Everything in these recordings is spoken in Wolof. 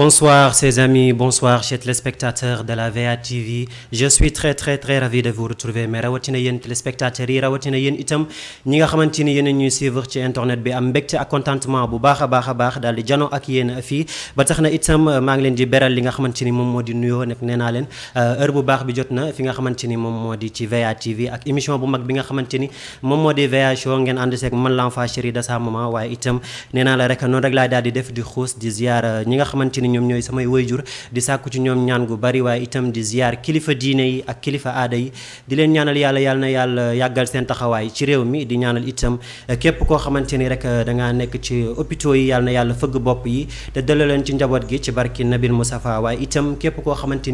Bonsoir, ses amis, bonsoir, chers téléspectateurs de la VA TV. Je suis très très très ravi de vous retrouver mais rawatina les téléspectateurs yi rawatina item itam ñi nga xamante ni ñu suivre ci internet bi am mbégte ak contentement bu baaxa baaxa baax dal di jano ak yéen fi. ba taxna itam euh, ngi len di beral li nga xamante mom modi nuyo nek nuyoo len euh, heure bu baax bi jotna na fi nga xamante mom modi di ci VA TV ak émission bu mag bi nga xamante mom modi di VA show ngeen ànd sék man l'enfant chéri de sa maman waye itam nee la rek non rek la dal di def di xoss di ziar euh, ñi nga xamante bi ñoom ñooy samay wayjur di sàkku ci ñoom ñaan gu bari waaye itam di ziar kilifa diine yi ak kilifa aada yi di leen ñaanal yàlla yàlla yàggal seen taxawaay ci réew mi di ñaanal itam eh, képp koo xamante rek eh, dangaa nekk ci hôpitaux yi yàlla na yàlla fëgg bopp yi te dala leen ci njaboot gi ci barki nabil musafa waaye itam képp koo xamante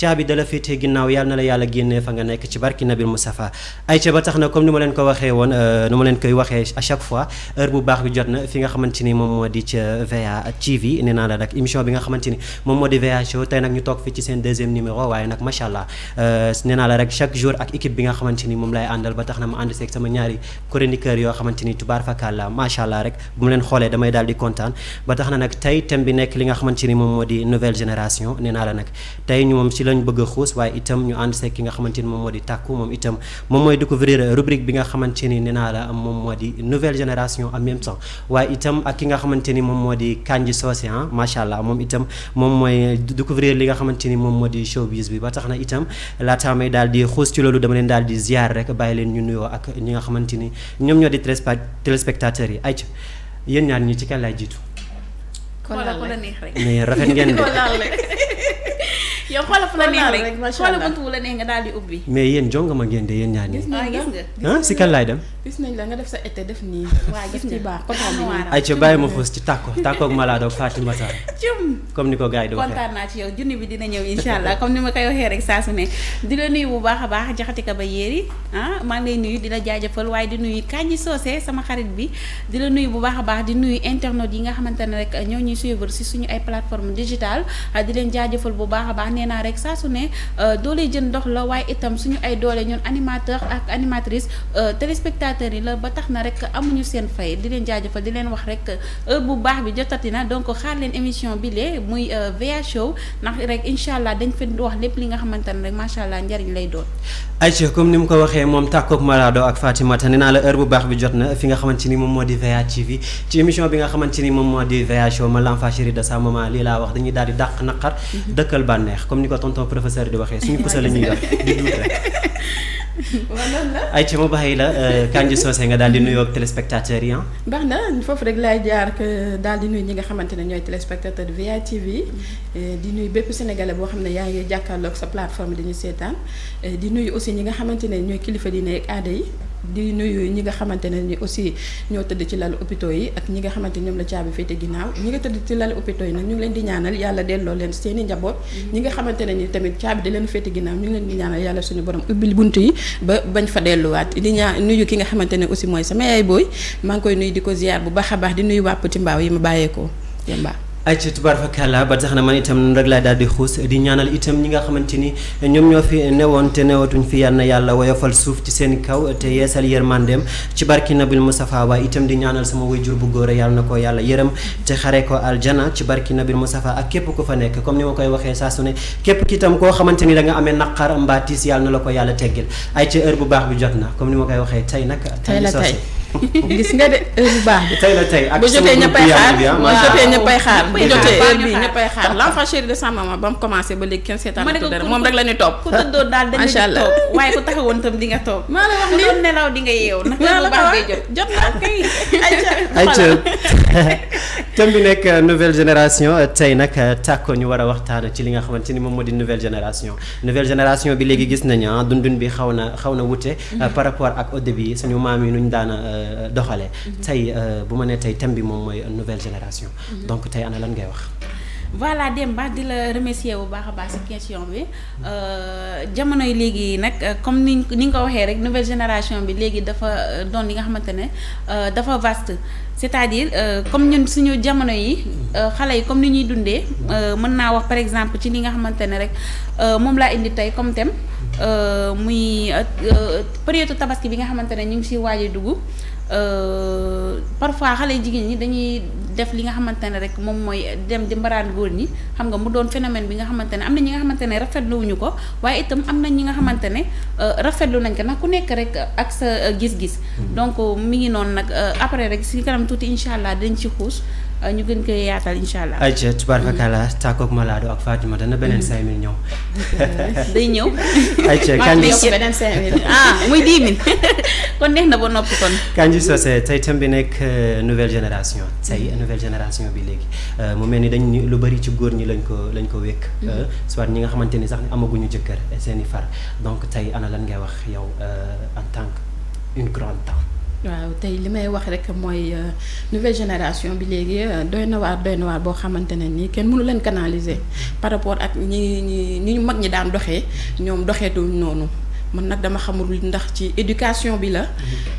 caabi dala féetee ginnaaw yàlla na la yàlla génnee fa nga nekk ci barki nabil musafa ay ca ba tax na comme ni ma leen ko waxee woon eh, nu ma leen koy waxee à chaque fois heure bu baax bi jot na fi nga xamante ni moom moo di ca VA nga xamante ni moom moo di VHO euh, allah rek bu mu leen xoolee damay daal di kontaan ba tax na nag tey thème bi nekk li nga xamante ni moom moo di a tàkku moom itam moom mooy découvrir rubrique bi nga xamante ni nee naa la moom moo di nouvelle génération en même temps waaye itam ak ki nga xamante ni moom moo di kanji soocéan ah, macha allah moom itam moom mooy découvrir li nga xamante ni moom moo di showbiz bi ba tax na itam laataa may daal di xuus ci loolu dama leen daal di ziar rek bàyyi leen ñu nuyoo ak ñi nga xamante ni ñoom ñoo di téléspectateurs yi ayca yéen ñaar ñi ci kan laay jiitu. kon laal rek rafet ngeen de yow xoolal fu la neex rek xoolal buntu wu la nga daal di ubbi. mais yéen jonga ma ngeen de yéen ñaar ñi. ah, ah si kan laay dem. gis nañ la nga def sa été def nii. waaw gis nañ kontaan naa ci yow junni bi dina ñëw incha comme ni ma koy waxee rek saa su ne. di la nuyu bu baax a baax jaxatika ba yéeri ah maa nuyu di la jaajëfal waaye di nuyu Kandji Socé sama xarit bi di la nuyu bu baax a baax di nuyu internet yi nga xamante rek ñoo ñuy suivre nee naa rek saa su ne euh, doole jën dox la waaye itam suñu ay doolee ñun animateur ak animatrice euh, téléspectateurs yi la ba tax na rek amuñu seen fay di leen jaajëfal di leen wax rek euh, heure bu baax bi jotati na donc xaar leen émission bi lee muy VA show ndax rek incha allah dañ fi wax lépp li nga xamante ne rek macha allah njariñ lay doon. Aïcha comme ni mu ko waxee moom tàkkoog Malado ak Fatimata nee naa la heure bu baax bi jot na fi nga xamante ni moom moo di VA TV ci nga xamante ni moom moo di VA show de sa lii laa wax dañuy daal di dàq naqar mhm. dëkkal bànneex comme ni ko tonton professeur di waxee suñu pusa la ñuy yor di duut rek ay ci ma bàyyi la euh, Kandji Socé nga daal di nuyoo ak téléspectateurs yi ah. na foofu rek laay jaar daal di nuyu ñi nga xamante ne ñooy téléspectateur VA yi mm-hmm. euh, di nuyu bépp sénégale boo xam ne yaa ngi jàkkarlook sa plateforme dañuy seetaan euh, di nuyu aussi ñi nga xamante ne ñooy kilifa diine ak aada yi. di nuyu ñi nga xamante ne ni aussi ñoo tëdd ci lal hôpitaux yi ak ñi nga xamante ñoom la caabi féete ginnaaw ñi nga tëdd ci lalu hôpitaux yi nag ñu leen di ñaanal yàlla delloo leen seeni njaboot mm-hmm. ñi nga xamante ne ni tamit caabi di leen féete ginnaaw ñu ngi leen di ñaanal yàlla suñu borom ubbil bunt yi ba bañ fa delluwaat di ñaan nuyu ki nga xamante ne aussi mooy sama yaay booy maa ngi koy nuyu di ko ziar bu baax a baax di nuyu wàpp ti mbaaw yi ma bàyyeekoo yéen ay ayca tubaarfakala ba tax na man itam rek lay daal di xuus di ñaanal itam ñi nga xamante ni ñoom ñoo fi newoon te newatuñ fi yàlla na yàlla woyofal suuf ci seen kaw te yeesal yërmandeem ci barki nabil Mustafa waaye itam di ñaanal sama jur bu góor yàlla na ko yàlla yërëm te xare ko aljana ci barki nabil Mustafa ak képp ku fa nekk comme ni ma koy waxee saa su ne képp ki itam koo xamante ni danga amee naqar mbaatis yàlla na la ko yàlla teggil ayca heure bu baax bi jot na comme ni ma koy waxee tey nag. tey la tey gis nga de heure bu baax bi. tey la tey ak bu jotee ñëppay xaar bu ah, jotee ñëppay xaar bu jotee heure bi ñëppay xaar l'enfant chéri de sa maman ba mu commencé ba léegi kenn seetaan dara moom rek la ñuy topp. ku tëddoon daal dañuy toog waaye ku taxawoon tam di nga toog. maa la wax nii nelaw di nga yeew nag bu baax ngay jot jot naa kay ayca thème bi nekk euh, nouvelle génération euh, tey nag euh, tàkko ñu war a waxtaan ci li nga xamante ni moom moo di nouvelle génération nouvelle génération bi léegi gis nañu ah dundun bi xaw na xaw na wute mm-hmm. par rapport ak au début suñu maam yi nuñ daana Euh, doxalee. Mhm. tay euh, buma ne tay tem bi mom moy nouvelle génération. Mhm. donc tay ana lan ngay wax. voilà Demba di la remercier bu baax a baax ci question bi euh jamono legui nak comme ni ni nga ko waxee rek nouvelle génération bi legui dafa euh, don li nga xamantene euh dafa vaste c'est-à-dire euh, comme ñun suñu jamono yi xale yi comme ni ñuy dundé mhm. euh, naa wax par exemple ci li nga xamantene rek euh, mom la indi tay comme thème. Eh, muy eh, eh, période tabaski bi nga xamante ñu si waaj a dugg parfois xale jigéen ñi dañuy def li nga xamante rek moom mooy dem di mbaraan góor ñi xam nga mu doon phénomène bi nga xamante ne am na ñi nga xamante ne rafetluwuñu ko waaye itam am ñi nga xamante ne rafetlu nañ ko ku nekk rek ak sa gis-gis mm-hmm. donc mi ngi noonu nag après rek kanam allah dañ ci Euh, ñu gën koy yaatal incha allah. ayca tubaarfakala tàkkoog Malado ak Fatimata na beneen 5000 mm-hmm. ñëw. day ñëw. ayca ah, muy 10 kon neex na ba noppi kon. Kandji Socé tey tam bi nekk euh, nouvelle génération tey mm-hmm. nouvelle génération bi léegi euh, mu mel ni dañ lu bari ci góor ñi lañ ko lañ ko wékk. Mm-hmm. soit ñi nga xamante ni sax amaguñu jëkkër seeni i far donc tey ana lan ngay wax yow en tant que une grande dame. waaw tey li may wax rek mooy euh, nouvelle génération bi léegi euh, doy na waar doy na waar boo xamante ne nii kenn mënu leen canaliser par rapport ak ñi ñi ñi ñu mag ñi daan doxee ñoom doxeetuñ noonu man nag dama xamul ndax ci éducation bi la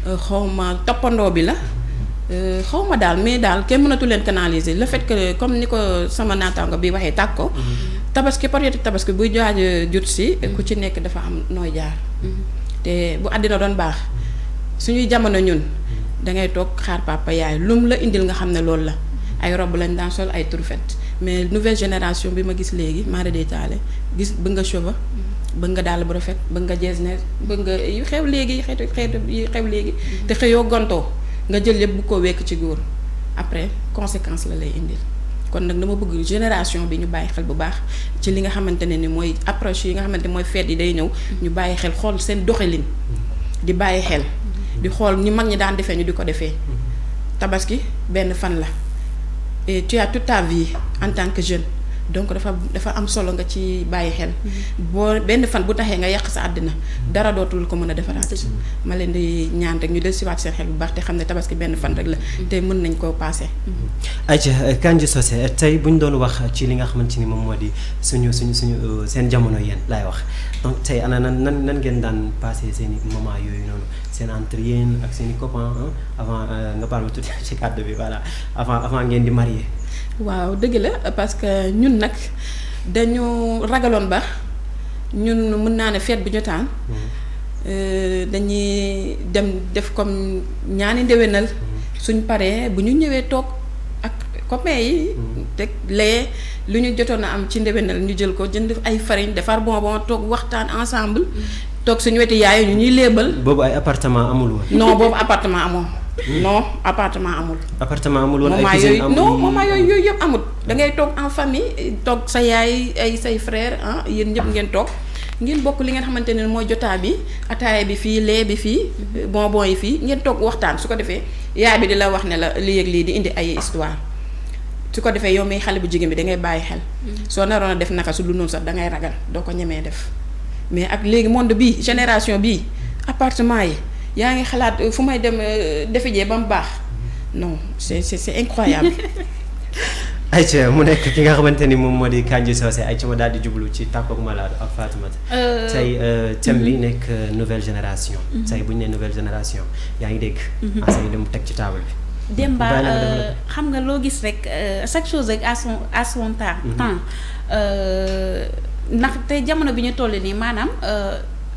euh, xawma toppandoo bi la xawma ma daal mais daal kenn mënatu leen canaliser le fait que comme ni ko sama naataango bi waxee tàkk ko tabaski période tabaski buy jaaj jut si ku ci nekk dafa am nooy jaar mm-hmm. te bu àddina doon baax suñuy jamono ñun mm. da ngay toog xaar papa yaay lum la indil nga xam ne loolu la ay rob lañ daan sol ay turfet mais nouvelle génération bi ma gis léegi mara day taale gis bëgg nga mm. bëgg nga dàll bu rafet bëgg nga jeesner bëgg nga yu xew léegi xeetu xeetu yu xew léegi mm. te xëyoo gontoo nga jël yëpp bu ko wekk ci góor après conséquence la lay indil kon nag dama bëgg génération bi ñu bàyyi xel bu baax ci li nga xamante ne ni mooy approche yi nga xamante mooy feet yi day ñëw ñu bàyyi xel xool seen doxalin di bàyyi xel di xol ni mag ñi daan du ñu di mm-hmm. tabaski ben fan la et tu as toute ta vie en tant que jeune donc dafa dafa am solo nga ci bàyyi xel. Mhm. boo benn fan bu taxee nga yàq sa àddina mhm. dara dootul ko mën a defaraat. ma leen di ñaan rek ñu dellusiwaat seen xel bu baax te xam ne tabaski benn fan rek la. Mhm. te mën nañ koo paase. ayca euh, Kandji Socé tey bu ñu doon wax ci li nga xamante ni moom moo di suñu suñu suñu euh, seen jamono yéen laay wax donc tey ana nan nan nan ngeen daan paase seen i moment yooyu noonu seen yéen ak i copains avant euh, nga baal ma ci kàddu bi voilà avant avant ngeen di marié. waaw dëgg la parce que ñun nag dañu ragaloon ba ñun mën naa ne feet bu jotaan mhm. euh, dañuy dem def comme ñaani ndéwénal mhm. suñ paree bu ñu ñëwee toog ak copains yi mhm. teg lee lu ñu jotoon a am ci ndéwénal ñu jël ko jënd ay farine defar bonbon toog waxtaan ensemble toog suñu weti yaay ñu ñuy léebal boobu ay appartement amul woon boobu appartement amoon non appartement amul. appartement amul wala ay cuisine amul non yo yo yooyu yëpp amul. da ngay tok en famille eh, toog sa yaay ay say frère ah yéen ñëpp ngeen tok ngeen bokk li ngeen xamante ne mooy jotaa bi ataaya bi fii lee bi fii bonbon yi fii ngeen toog waxtaan su ko yaay bi di la wax ne la lii ak lii di indi ay histoire su ko defee yow miy xale bu bi da ngay bàyyi xel. Mm. soo naroon a def naka su lu noonu sax da ngay ragal Dokonya ko ñemee def mais ak léegi monde bi génération bi appartement yi. yaa ngi xalaat euh, fu may dem euh, defe jee ba mu baax non c'est c'est c'est incroyable. ayca mu nekk ki nga xamante ni moom moo di Kandji Socé ayca ma daal di jublu ci tàggoog malade ak Fatoumata. Euh, tey thème bi mhm. nekk nouvelle génération. Mhm. tey bu ñu nee nouvelle génération yaa ngi dégg. enseigne li mu teg ci table bi. Demba xam nga loo gis rek chaque chose rek à son à son temps. temps mhm. ndax te jamono bi ñu toll nii maanaam.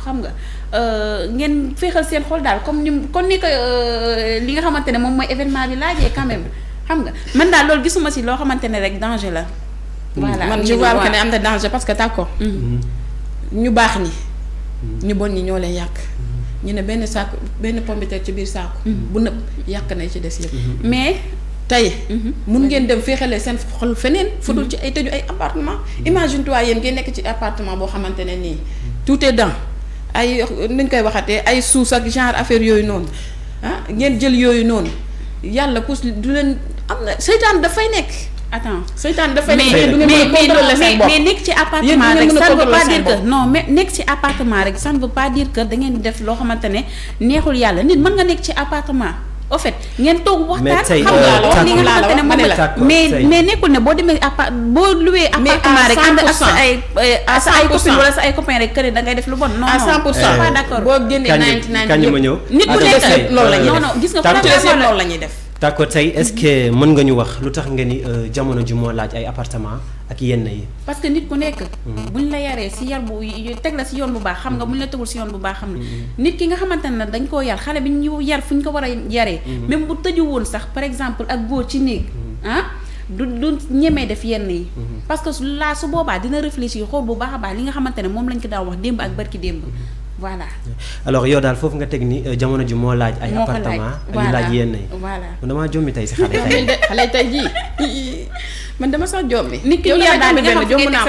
xam nga euh, ngeen féexal seen xol daal comme ni kon ni ko euh, li nga xamante ne moom mooy événement bi laajee quand xam nga man daal lool gisuma si loo xamante ne rek danger la. voilà man je vois que ne am na danger parce que d'accord mm. mm-hmm. ñu baax ñi. Mm-hmm. ñu bon ñi ñoo leen yàq. Mm-hmm. ñu ne benn saako benn pomme ci biir saako. bu nëb yàq na ci des yëpp. mais tey. mun ngeen dem féexalee seen xol feneen. fu ci ay tëju ay appartement. imagine toi yéen ngeen nekk ci appartement boo xamante ne nii tout est dans. ay ñu koy waxatee ay suus ak genre affaire yooyu noonu ah ngeen jël yooyu noonu yàlla pour du leen am na seytaan dafay nekk. attends seytaan dafay mais mais mais nekk ci appartement rek ça ne veut pas dire que non nekk ci appartement rek san ne veut pas dire da ngeen di def loo xamante ne neexul yàlla nit mën nga nekk ci appartement. au fait ngeen toog waxtaan. xam nga euh, wax li nga xamante ne moom la mais mais nekkul ne boo demee appart boo loué appartement rek ànd ak ay sa ay copine wala sa ay copain rek kër da def lu bon. non non à pour cent pas d'accord boo génnee 99 kañ ma ñëw nit ku nekk loolu la def non non gis nga vraiment loolu la ñuy def. d'accord tey est-ce que mën nga ñu wax lu tax nga ni euh, jamono ji moo laaj ay apartement ak yenn yi. parce que nit ku nekk. Mm-hmm. buñ la yaree si yar bu teg la si yoon bu baax xam nga mm-hmm. buñ la tegul si yoon bu baax xam nga. Mm-hmm. nit ki nga xamante ne dañ koo yar xale bi ñu yar fu ñu ko war a yaree. même bu tëju woon sax par exemple ak góor ci néeg ah. du du ñemee def yenn yi. parce que laa su boobaa dina réfléchir xool bu baax a baax li nga xamante ne moom lañ ko daa wax démb ak barki démb. voilà alors yow daal foofu nga teg ni euh, jamono ji moo laaj. ay appartement yu laaj yenn yi. voilà damaa jommi tey man dama sax jommi. nit ki ñu yar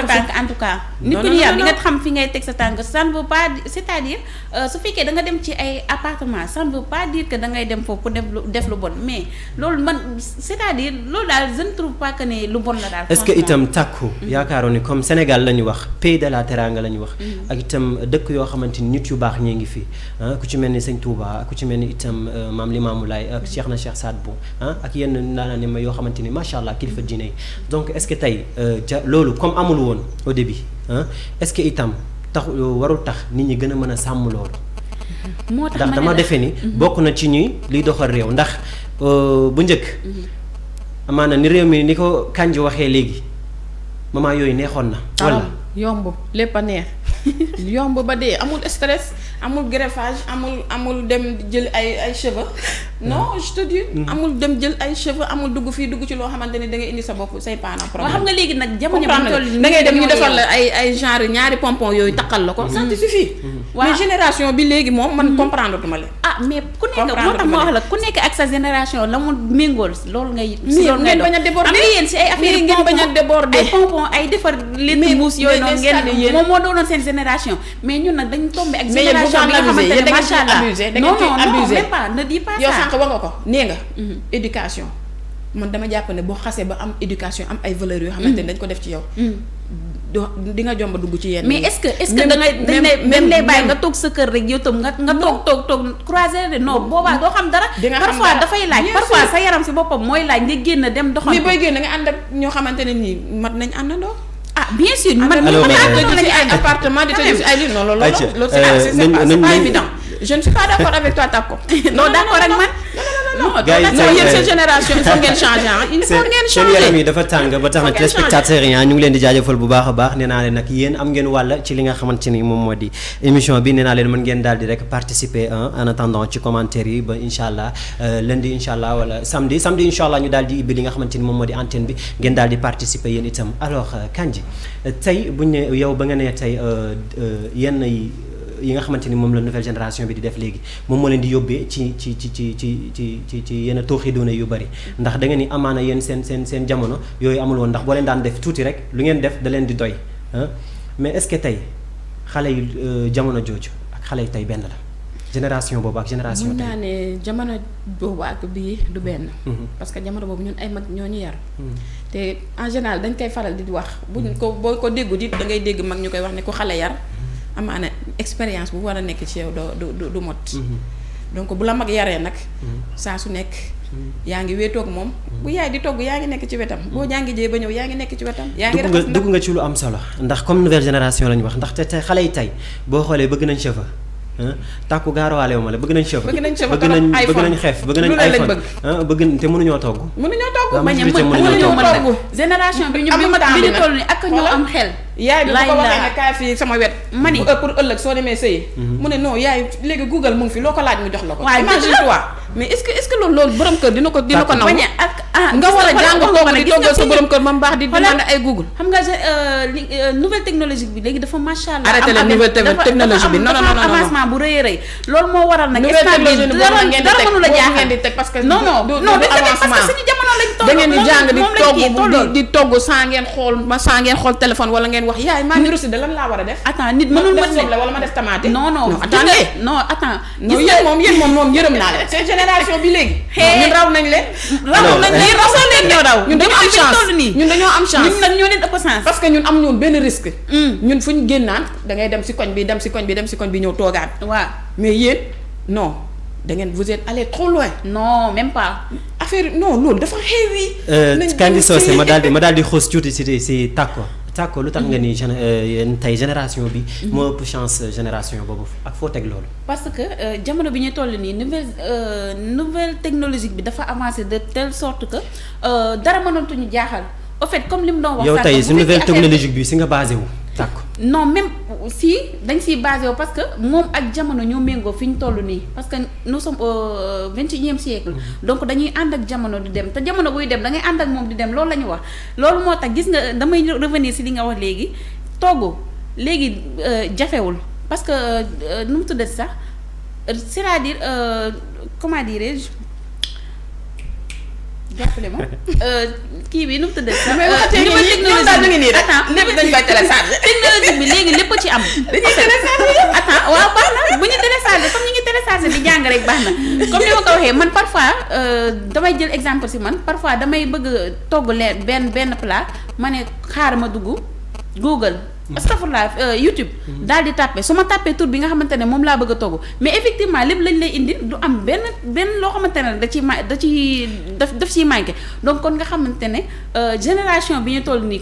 nga xam fi en tout cas. nit ki nga xam fi ngay teg sa tànk ça ne pas c'est-à-dire euh, su fekkee da nga dem ci ay appartement ça ne veut pas dire que da ngay dem foofu pour def lu def lu bon mais loolu man c'est-à-dire loolu daal je ne trouve pas que ne lu bon la daal. est-ce que itam tàkku. Mm-hmm. yaakaaroon ni comme Sénégal la ñu wax pays de la teranga la ñu wax. Mm-hmm. ak itam dëkk yoo xamante ni nit yu baax ñee ngi fi ah, ku ci mel ni sëñ Touba ku ci mel ni itam euh, maam Limamou Laye ak mm-hmm. Cheikh na Cheikh Saad Bou ah, ak yenn naa ne yoo xamante ni macha allah kilifa diine yi donc est-ce que tey ca euh, loolu comme amul woon au bi ah est-ce que itam tax euh, warul tax nit ñi gën a mën a sàmm loolu. ndax dama defee ni. Mhm. bokk na ci ñuy liy doxal réew ndax euh, bu njëkk. Mhm. amaana ni réew mi ni ko kànj waxee léegi moment yooyu neexoon na. wala yomb lépp a neex yomb ba dee amul estres amul greffage amul amul dem jël ay ay cheveux non mm-hmm. je te dis mm-hmm. amul dem jël ay cheveux amul dugg fii dugg ci loo xamante ni da ngay indi sa bopp say paana problème xam nga léegi nag jamono bi toll da ngay dem ñu defal la ay ay genre ñaari pompon yooyu taqal la ko mm-hmm. ça te suffit waaw mais génération bi léegi moom man comprendre tuma leen ah mais ku nekk ak sa génération la mu méngool loolu ngay loolu ngay bañ a déborder am yéen si ay affaire ngeen bañ a déborder ay pompon ay mais ñun nag dañ tombé ak éducation bi nga xamante ne macha allah non non ne dis pas ça yow nga mhm. dama jàpp ne boo xasee ba am éducation am ay valeurs yoo mhm. xamante ne dañ ko def ci yow. Mhm. doo di nga jomba dugg ci yenn mais est-ce que est-ce que da ngay dañ lay dañ lay nga toog sa kër rek yow tam nga nga toog toog toog croiser de non boobaa xam dara parfois dafay laaj parfois sa yaram si boppam mooy laaj nga génn dem doxal mais booy génn nga ànd ak ñoo xamante ne nii mat nañ àndandoo bien sûr mais appartement de non non, c'est évident je ne suis pas d'accord avec toi non d'accord gars yi non yéen seen génération il faut ngeen changer ah. il faut ngeen changer seen yaram yi dafa tàng ba tax na téléspectateurs yi ah, ñu ngi leen di jaajëfal bu baax a baax nee naa leen nag yéen am ngeen wàll ci li nga xamante ni moom moo di émission bi nee naa leen mën ngeen daal di rek participer en attendant ci commentaire yi ba incha allah euh, lundi incha allah wala samedi samedi incha allah ñu daal di ibbi li nga xamante ni moom moo di antenne bi ngeen daal di participer yéen itam alors euh, Kandji euh, tey bu ñu ne yow ba nga ne tey yenn yi yi nga xamante ni moom la nouvelle génération bi di def léegi moom moo leen di yóbbee ci ci ci ci ci ci ci ci yenn tooxi doona yu bëri ndax da ngeen ni amaana yéen seen seen seen jamono yooyu amul ndax boo leen daan def tuuti rek lu ngeen def da leen di doy mais est-ce que tey xale yu euh, jamono jooju ak xale yu tey benn la génération boobu ak génération tey mun naa ne jamono boobu ak bii du benn. Mhm. parce que jamono boobu ñun ay mag ñoo ñu yar. Mhm. te en général dañ koy faral di wax. buñ mhm. ko boo ko déggu di da dégg mag ñu koy wax ne ku xale yar. amaana expérience bu war a nekk ci yow doo du du mot. Mhm. donc bu la mag yaree nag. Mhm. saa su nekk. Mhm. yaa ngi wéetoog moom. bu yaay di togg yaa ngi nekk ci wetam. boo jàngi jee ba ñëw yaa ngi nekk ci wetam. yaa ngi raxas dugg nga ci lu am solo ndax comme nouvelle génération la ñu wax ndax te xale yi tey boo xoolee bëgg nañ chauffeur. tàkku gaarawaale wu ma la bëgg nañ chauffeur. bëgg nañ chauffeur bëgg nañ bëgg nañ xeef bëgg nañ iPhone bëgg te mënuñoo togg. mënuñoo togg ma ñam mënuñoo togg génération bi am xel. yaay bi bu ko waxee ne kaay fii sama wet ma ni pour ëllëg soo demee sëyi. Mhm. mu ne non yaay léegi Google mu fi loo ko laaj mu jox la ko. imagine toi mais est-ce que est-ce que loolu borom kër dina ko dina ko naw ak ah, ah, nga wara jang ko ko di toggal sa borom kër ma mbaax di demande ay google xam nga euh, euh, nouvelle technologie bi legui dafa machallah arrêté la nouvelle technologie bi non non non avancement bu rëy rëy loolu mo waral nag instant bi dara dara mënu la ngeen di tek parce que non non non parce que suñu jamono lañ toll da ngeen di jang di togg di togg sa ngeen xol ma sa ngeen xol téléphone wala ngeen wax yaay ma ngi russi de lan la wara def attends nit mënul ma la wala ma def tamate non non attendez non attends yeen mom yeen mom mom yeureum na la génération bi légui ñun raw nañ leen. raw nañ leen eh, rasoo leen ñoo raw. ñun dañoo am chance ñun dañoo am chance ñun nak ñoo leen ëpp chance. parce que ñun am ñoon benn risque. Hmm. ñun fuñu ñu génnaan da ngay dem ci koñ bi dem ci koñ bi dem ci koñ bi ñëw toogaat. waaw mais yéen non da ngeen vous êtes allé trop loin. non même pas. affaire non loolu dafa xew yi. Euh, nañ ci Kandi Socé ma daldi ma daldi di xoos tuuti ci si tàkk d'accord lu tax nga ni eh, tay yéen génération bi. Mhm. mo ëpp chance génération bobu ak fo teg loolu. parce que euh, jamono bi ñu toll nii nouvelle euh, nouvelle technologie bi dafa avancer de telle sorte que euh, dara mënatuñu jaaxal au fait comme lim mu doon wax. yow tey si nouvelle technologie bi si nga basé wu non même si dañ basé parce que nous ak jamono ñoo mengo fiñ on parce que nous sommes au 21 euh, e siècle mhm. donc dañuy and ak jamono di dem te jamono buy dem da ngay and ak mom di dem loolu lañu wax loolu gis nga damay revenir si li nga wax Togo légui euh, jafewul parce que euh, nous mu sax c'est-à-dire comment dirais jàppale ma euh, kii bi nu mu tuddee. damay euh, waxatee ni ñoom daal ñu ngi nii rek lépp dañu koy téléchargé. technologie bi léegi lépp ci am. dañuy téléchargé lépp. attends waaw baax na bu ñu téléchargé comme ñu ngi téléchargé di jàng rek baax na comme ni ma ko waxee man parfois euh, damay jël exemple si man parfois damay bëgg togg leen benn benn plat ma ne xaar ma dugg Google. Mm-hmm. astafurlah euh, YouTube. Mm-hmm. daal di tàppe su ma tàppee tur bi nga xamante ne moom laa bëgg a togg mais effectivement lépp lañ lay indi du am benn benn loo xamante ne da ciy ma daf daf ciy manqué donc kon nga xamante ne euh, génération bi ñu a ne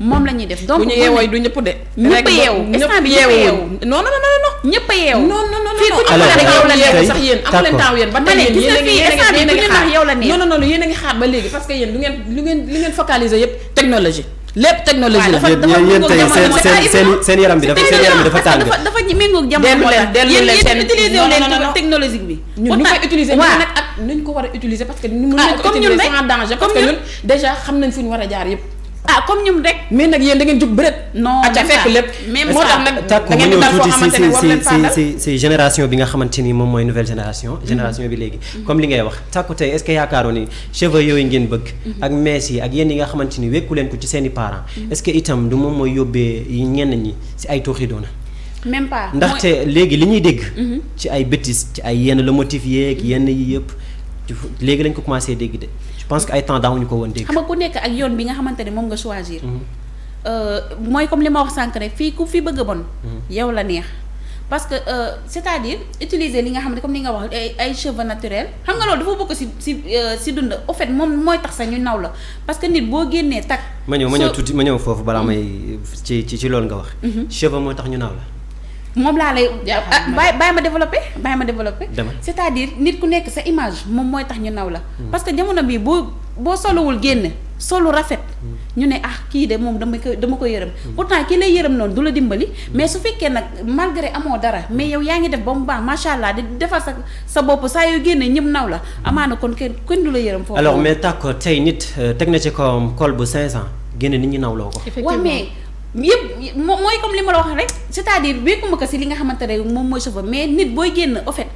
moom bi ñëpp yeewu non non non non. a rek yow la ba a ngi xaar ba léegi parce que yéen lu ngeen lu ngeen lu ngeen focaliser analyser yëpp technologie. lépp technologie la yéen tey seen seen yaram bi dafa seen yaram bi dafa tàng. dafa dellu leen seen utiliser wu leen bi. ñun ñu koy utiliser ñu nag ak nuñ ko war a utiliser parce que. ah comme ñun rek mën nañ ko utiliser sans danger parce déjà xam nañ fu ñu war a jaar yëpp ah comme ñum rek. mais nag yéen da ngeen jug bërët. non ah, lépp. moo tax nag ah, da ngeen di dal génération bi nga xamante ni moom mooy nouvelle génération. Mm-hmm. génération bi léegi. comme li ngay wax tàkku tey est ce que yaakaaroon ni cheveux yooyu ngeen bëgg. Mm-hmm. ak mees yi ak yéen yi nga xamante ni wekku leen ko ci seeni i parents. Mm-hmm. est ce que itam du moom mooy yóbbee ñenn ñi si ay tooxi doona même pas ndaxte léegi li ñuy dégg. ci ay bêtises ci ay yenn le motif yeeg yenn yi yëpp léegi lañ ko commencé dégg de pense que ay temps daawuñu ko woon dégg. xam nga ku nekk ak yoon bi nga xamantene mom nga choisir. moy mm-hmm. euh, comme lima wax sank rek fi ku fi bëgg bon. Mm-hmm. yow la neex. parce que euh, c'est-à-dire utiliser li nga xamantene comme ni nga wax ay cheveux naturels xam nga loolu dafa bokk si si si dund au fait mom moy tax sa ñu naw la parce que nit bo génnee tak ma ñëw ma ñëw tuti ma ñëw fofu bala mm-hmm. may ci ci ci nga wax. cheveux mo tax ñu naw la. moom laa lay ah, bàyyi bàyyi ma développé bàyyi ma développé c'est-à-dire nit ku nekk sa image moom mooy tax ñu naw la hmm. parce que jamono bii boo boo solowul génn solu rafet hmm. ñu ne ah kii de moom dama ko dama ko yërëm hmm. pourtant kii lay yërëm noonu du la dimbali mais su fekkee nag malgré amoo dara mais yow yaa ngi def ba mu baax macha allah di defar sa sa bopp saa yoo génne ñëpp naw la amaana kon kenn kenn du la yërëm foofu alors mais tàkk tey nit euh, teg na ci kawam col bu 500 génne nit ñi nawloo ko yëpp mooy comme li ma la wax rek c'est-à-dire ko si li nga xamante ne moom mooy chauffeur mais nit booy génn au fait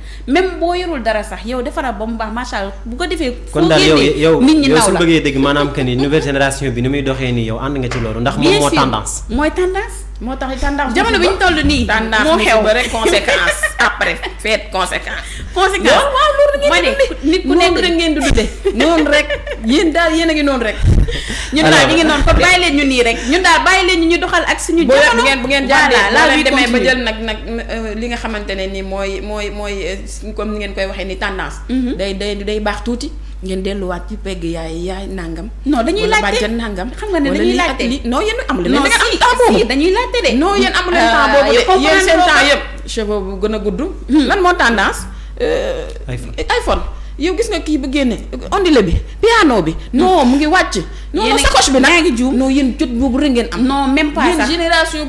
boo yorul dara sax yow defaraat ba mu baax macha allah bu ko defee. kon daal yow yow nit ñi naw yow su bëggee dégg maanaam que ni nouvelle génération bi ni muy doxee nii yow ànd nga ci loolu. ndax moom moo tendance. mooy tendance. moo tax tendance jamono bi ñu toll nii. moo xew tendance rek conséquence après fait conséquence. conséquence waaw waaw loolu la ngeen di nit ku nekk rek ngeen di dundee. noonu rek yéen daal yéen a ngi noonu rek. ñun daal ñu ngi noonu kon bàyyi leen ñu nii rek ñun daal bàyyi leen ñu ñu doxal ak suñu. jamono bu ngeen bu ngeen jàllee la leen ba jël nag nag euh, li nga xamante ne nii mooy mooy mooy euh, comme ni ngeen koy waxee ni tendance. Mhm. day day day baax tuuti. ngeen delluwaat ci pegg yaay yaay nangam. noo dañuy laajte wala nangam. xam nga ne dañuy laajte wala noo yéen amu leen. non si si dañuy laajte de. non yéen amu leen euh, yëpp. cheveux bu gën a gudd. Hmm. lan moo tendance. Euh, iPhone iPhone. gis nga kii bu génne ondile bi piano bi. non mu ngi wàcc. non sacoche bi nag yaa ngi juum. non yéen jot boobu rek ngeen am. non même pas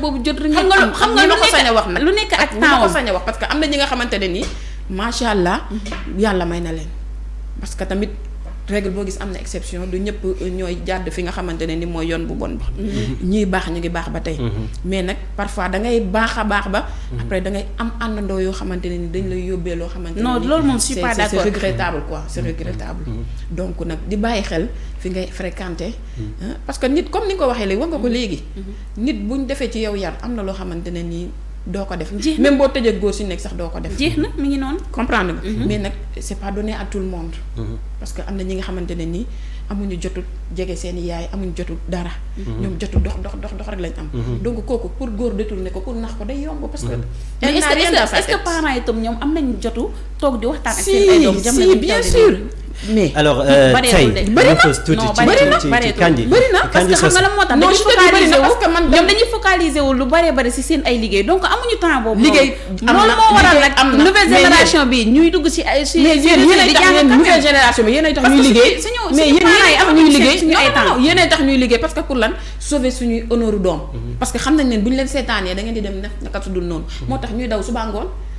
boobu jot rek am. xam nga lu ko sañ wax na lu nekk ak temps ma ko sañ wax parce que am na ñi nga xamante ne nii macha allah mhm. yàlla may na leen parce que tamit règle boo gis am na exception du ñëpp euh, ñooy jàdd fi nga xamante ne ni mooy yoon bu bon ba mhm. ñiy baax ñu ngi baax ba tey mhm. mais nag parfois da dangay baax a baax ba mhm. après da ngay am àndandoo yoo xamante ne ni dañ lay yóbbee loo xamante non loolu moom je suis pas d'accord c'est regrettable quoi c'est regrettable donc nag di bàyyi xel fi ngay fréquenter parce que nit comme ni nga ko waxee léegi wax nga ko léegi nit buñ defee ci yow yar am na loo xamante ne nii doo ko def. même boo tëjee góor si nekk sax doo ko def. jeex na mi ngi noonu. comprendre nga. Mhm. mais nag c' est pas donné à tout le monde. Mhm. parce que am na ñi nga xamante ne nii amuñu jotul jege seen yaay amuñu jotul dara. Mhm. ñoom jotul dox dox dox dox rek lañ am. donc kooku pour góor détourné ko pour nax ko day yomb parce que. mais est ce que est ce que parents yi itam ñoom am nañ jotu toog di waxtaan ak seen ay doom. si si bien sûr mais alors tey bëri na bëri na parce que xam nga la moo tax dañuy focaliser wu ñoom dañuy focaliser wu lu bari bari ci seen ay liggéey donc amuñu temps bobu liggéey am mo waral nak nouvelle génération bi ñuy dugg ci ay. si yéen yéenay di yéen nouvelle génération bi yéenay tax ñuy liggéey. mais que suñu suñu amuñu liggéey ñu ay temps yéenay tax ñuy liggéey parce que pour lan sauver suñu honneur doom. Mhm. parce que xam nañ leen buñu leen seetaanee da ngeen di dem nakatu su dul noonu. Mhm. moo ñuy daw suba ngoon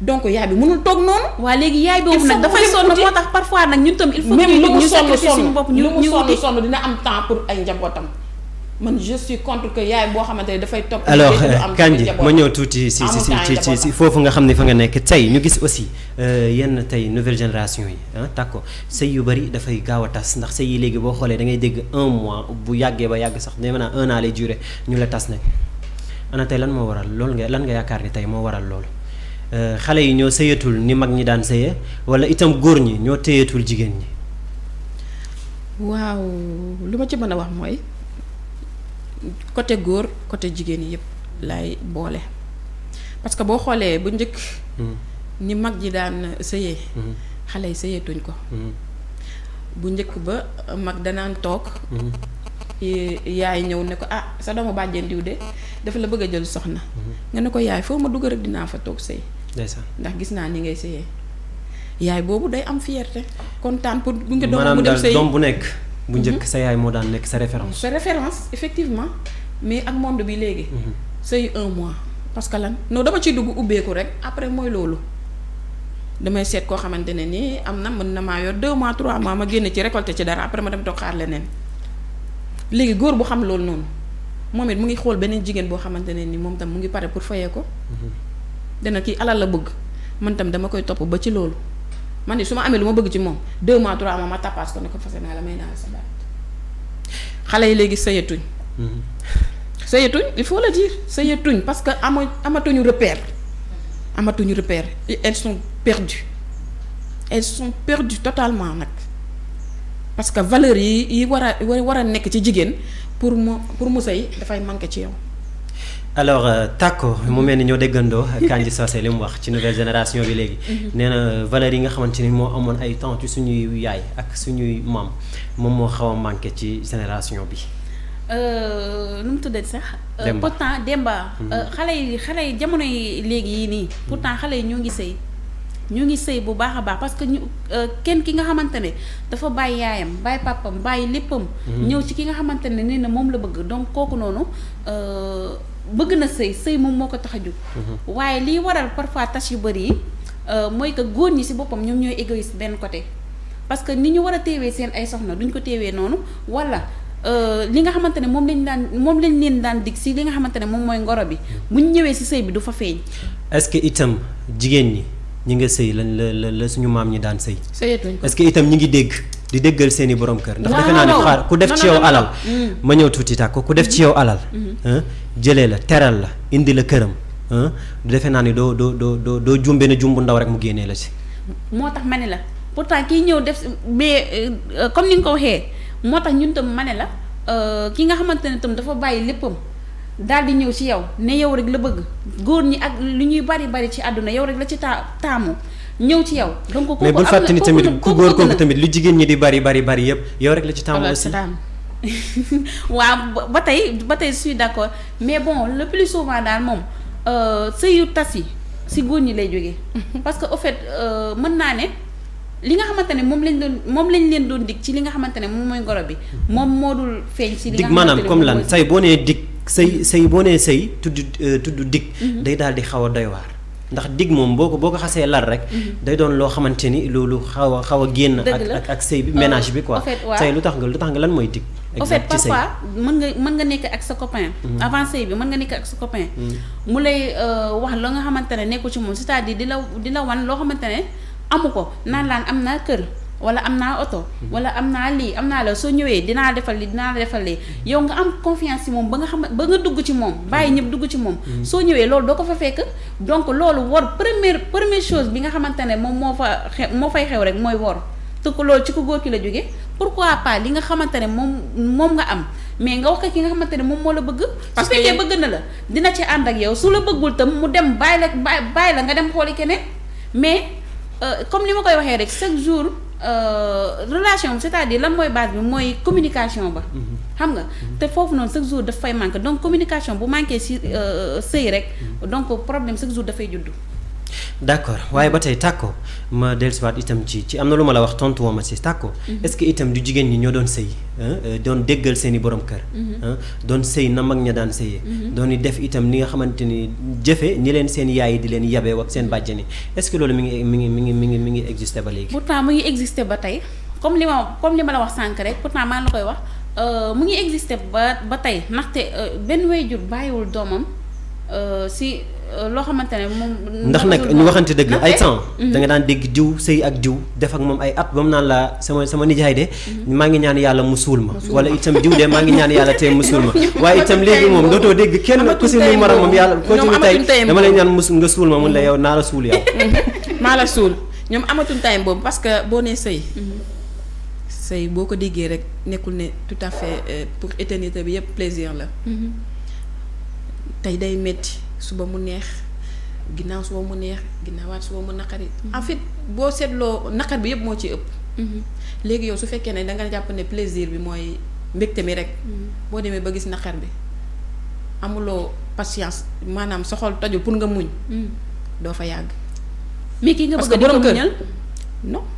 donc yaay bi mënul toog noonu. waaw léegi yaay boobu nag dafay sonn moo tax parfois nag ñun tam il faut même lu mu sonn sonn lu mu dina am temps pour ay man je suis contre que yaay boo xamante ne dafay topp. alors euh, Kandji ma ñëw tuuti si si si si foofu nga xam ne fa nga nekk tey ñu gis aussi euh, yenn tey nouvelle génération yi ah tàkko sëy yu bari dafay gaaw a tas ndax sëy yi léegi boo xoolee da ngay dégg un mois bu yàggee ba yàgg sax nee a un an lay duré ñu la tas nag ana tey lan moo waral loolu nga lan nga yaakaar ni tey moo waral loolu. Euh, xale yi ñoo sëyatul ni mag ñi daan sëye walla itam góor ñi ñoo téyetul jigéen ñi waaw lu ma ci mën a wax mooy côté góor côté jigéen yi yëpp laay boole parce que boo xoolee bu njëkk hmm. ni mag ñi daan sëyee hmm. xale yi sëyeetuñ ko hmm. bu njëkk ba mag danaan toog yaay ñëw ne ko ah sa doomu bàjjen diw de dafa la bëgg a jël soxna nga ne ko yaay foo ma dugg rek dinaa fa toog sëy ndax gis naa ni ngay sëyee yaay boobu day am fierté kontaan pour bu nga doom mu dem sëy doom bu nekk bu mhm. njëkk sa yaay moo daan nekk sa référence sa référence effectivement mais ak monde bi léegi mhm. sëy un mois parce que lan non dama ci dugg ubbeeku rek après mooy loolu damay seet koo xamante ne nii am na mën na maa yor deux mois trois mois ma génn ci récolté ci dara après ma dem toog xaar leneen léegi góor bu xam loolu noonu moom it mu ngi xool beneen jigéen boo xamante ne ni moom tam mu ngi pare pour fayee ko mhm dana kii alal la bëgg man tam dama koy topp ba ci loolu man ni su ma amee lu ma bëgg ci moom deux mois trois mois ma tappaas ko ne ko fase naa la may naa la sa baat xale yi léegi sëyatuñ mhm. sëyatuñ il faut le dire sëyatuñ parce que ama amatuñu repère amatuñu repère elles sont perdues elles sont perdues totalement nag parce que valeur yi yi war a war a nekk ci jigéen pour mu pour mu sëy dafay manqué ci yow alors euh, tàkko mu mel ni ñoo déggandoo Kandji Socé li mu wax ci nouvelle génération bi léegi mhm. nee na valeurs yi nga xamante ni moo amoon ay temps suñuy yaay ak suñuy maam moom moo xaw a manqué ci génération bi euh, nu mu tuddati sax euh, pourtant Demba mhm. xale yi xale yi jamono yi léegi yii nii mhm. pourtant xale yi ñoo ngi sëy ñu ngi sëy bu baax a baax parce que ñu kenn ki nga xamante ne dafa bàyyi yaayam bàyyi papam bàyyi léppam ñëw ci ki nga xamante ne na moom la bëgg donc kooku noonu bëgg na sëy sëy moom moo ko tax a jóg mhm. waaye liy waral parfois tâche yu bëri yi euh, mooy que góor ñi si boppam ñoom ñooy égoïste benn côté parce que ni ñu war a teewee seen ay soxna duñ ko teewee noonu wala euh, li nga xamante ne moom lañ daan moom lañ leen daan dig si li nga xamante ne moom mooy ngoro bi buñ ñëwee si sëy bi du fa feeñ est que itam jigéen ñi ñi nga sëy lañ la la suñu maam ñi daan sëy sëyatuñ ko que itam ñi ngi dégg di déggal seeni borom kër ndax defe naa ne xaar ku def ci yow alal mm. ma ñëw tuuti tàkk ku def ci mm-hmm. yow alal mm-hmm. jëlee la teral la indi la këram defe naa ni doo doo doo doo doo jum benn ndaw rek mu génnee la si. moo tax ma ne la pourtant kii ñëw def mais euh, euh, comme ni nga ko waxee moo tax ñun tam ma ne la euh, ki nga xamante ne tam dafa bàyyi léppam daal di ñëw ci yow ne yow rek la bëgg góor ñi ak lu ñuy bari bari ci àdduna yow rek la ci taa taamu. ñëw ci yow. donc kooku am na mais bul fàttali tamit ku góor tamit lu jigéen ñi di bari bari bari yëpp yow rek la ci taamu aussi. wa je suis d'accord mais bon le plus souvent dans mom euh si les lay mhm. parce que au fait euh, mën que je li nga ne lañ doon mom lañ ci li li nga comme say say say ndax dig mom boko boko xasse don lar rek mhm. day don lo xamanteni lolu xawa xawa genn ak ak ak sey bi ménage bi oh, quoi tay lutax nga lutax nga lan moy dig en fait parfois man nga man nga nek ak sa copain mhm. avant sey bi man nga nek ak sa copain mou mhm. lay euh, wax lo nga neku ci mom c'est-à-dire di dila wan lo xamante amuko nan lan amna keur am wala am naa oto wala am naa lii am naa la soo ñëwee dinaa defal li dinaa defal li yow nga am confiance ci moom ba nga xam ba nga dugg ci moom bàyyi ñëpp dugg ci moom mm-hmm. soo ñëwee loolu doo ko fa fekk donc loolu wor première première chose bi nga xamante ne moom moo fa xe moo fay xew rek mooy wor te ko loolu ci ko góor ki la jóge pourquoi pas li nga xamante ne moom moom nga am mais nga wax ko ki nga xamante ne moom moo la bëgg su fekkee bëgg na la dina ci ànd ak yow su la bëggul tam mu dem bàyyi la bàyyi la nga dem xooli keneen mais euh, comme ni ma koy waxee rek chaque jour Euh, relation bi c'est-à-dire lan mooy base bi mooy communication ba. xam nga te foofu noonu chaque jour daf fay manqué donc communication bu manqué si euh, sëy rek donc problème chaque jour dafay juddu d' accord waaye ba tey tàkko ma dellusiwaat itam ci ci am na lu ma la wax tontu woo ma si tàkko mhm. est ce que itam du jigéen ñi ñoo doon sëy euh, doon déggal seeni i borom kër mhm. doon sëy na mag ña daan sëyee mhm. doon def itam li nga xamante ni jëfe ñi leen seen yaay yi di leen yabee ak seen bàjj est ce que loolu mi ngi mi ngi mi ngi mi ngi mi ngi existé ba léegi pourtant mu ngi existé ba tey comme li ma comme li ma la wax sànk rek pourtant maa la koy wax euh, mu ngi existé ba ba tey ndaxte euh, benn waajur bàyyiwul doomam si loo xamante ne moom. ndax nag ñu waxante dëgg ay temps. Mhm. da nga daan dégg diw sëy ak diw def ak moom ay at ba mu naan la sama sama nijaay de. Mhm. maa ngi ñaan yàlla mu suul ma. wala itam diw de maa ngi ñaan yàlla tey mu suul ma. waaye itam léegi moom dootoo dégg kenn ku si muy maram moom yàlla ko nga suul ma mun la maa la suul ñoom amatuñ time boobu parce que boo nee sëy. Mhm. sëy boo ko déggee rek nekkul ne tout à fait euh, pour éternité bi yëpp plaisir la. tey day métti. suba mu neex ginnaaw suba mu neex ginnaawaat suba mu naqari. Mhm. en fait boo seetloo naqar bi yëpp moo ci ëpp. Mhm. léegi yow su fekkee ne da nga jàpp ne plaisir bi mooy mbégte mi rek. Mhm. boo demee ba gis naqar bi amuloo patience maanaam soxol tojul pour nga muñ. doo fa yàgg. mais ki nga bëgg a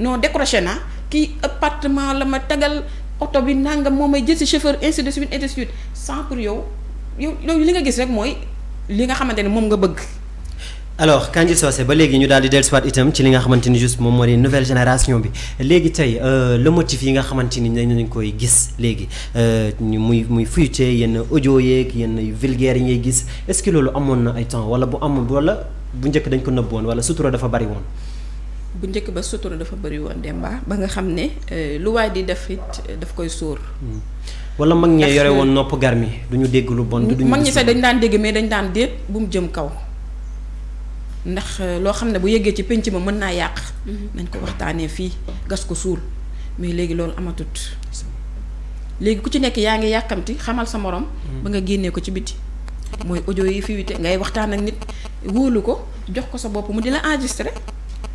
non décroché na kii appartement la ma tagal oto bi nangam moo may jël si chauffeur ainsi de suite ainsi de yow yow yow li nga gis rek mooy li nga xamante ne moom nga bëgg. alors Kandji Socé ba léegi ñu daal di dellusiwaat itam ci li nga xamante ni juste moom moo di nouvelle génération bi léegi tey euh, le motif yi nga xamante ni dañu koy gis léegi euh, muy muy fuite yenn audio yeeg yenn vulgaire yi ngay gis est-ce que loolu amoon na ay temps wala bu amoon wala bu njëkk dañ ko nëbboon wala sutura dafa bari woon. bu njëkk ba sutura dafa bari woon Demba ba nga xam ne euh, lu waay di def it euh, daf koy sóor. Hmm. wala mag ñee yore woon nopp gar mi du dégg lu bon. duñu mag ñi sax dañ daan dégg mais dañ daan déet bu mu jëm kaw ndax euh, loo xam ne bu yeggee ci penc ma mën naa yàq. Mhm. nañ ko waxtaanee fii gas ko suul mais léegi loolu amatut. léegi ku ci nekk yaa ngi yàkkamti xamal sa morom. Hmm. ba nga génnee ko ci biti. mooy audio yi fi wite ngay waxtaan ak nit wóolu ko jox ko sa bopp mu di la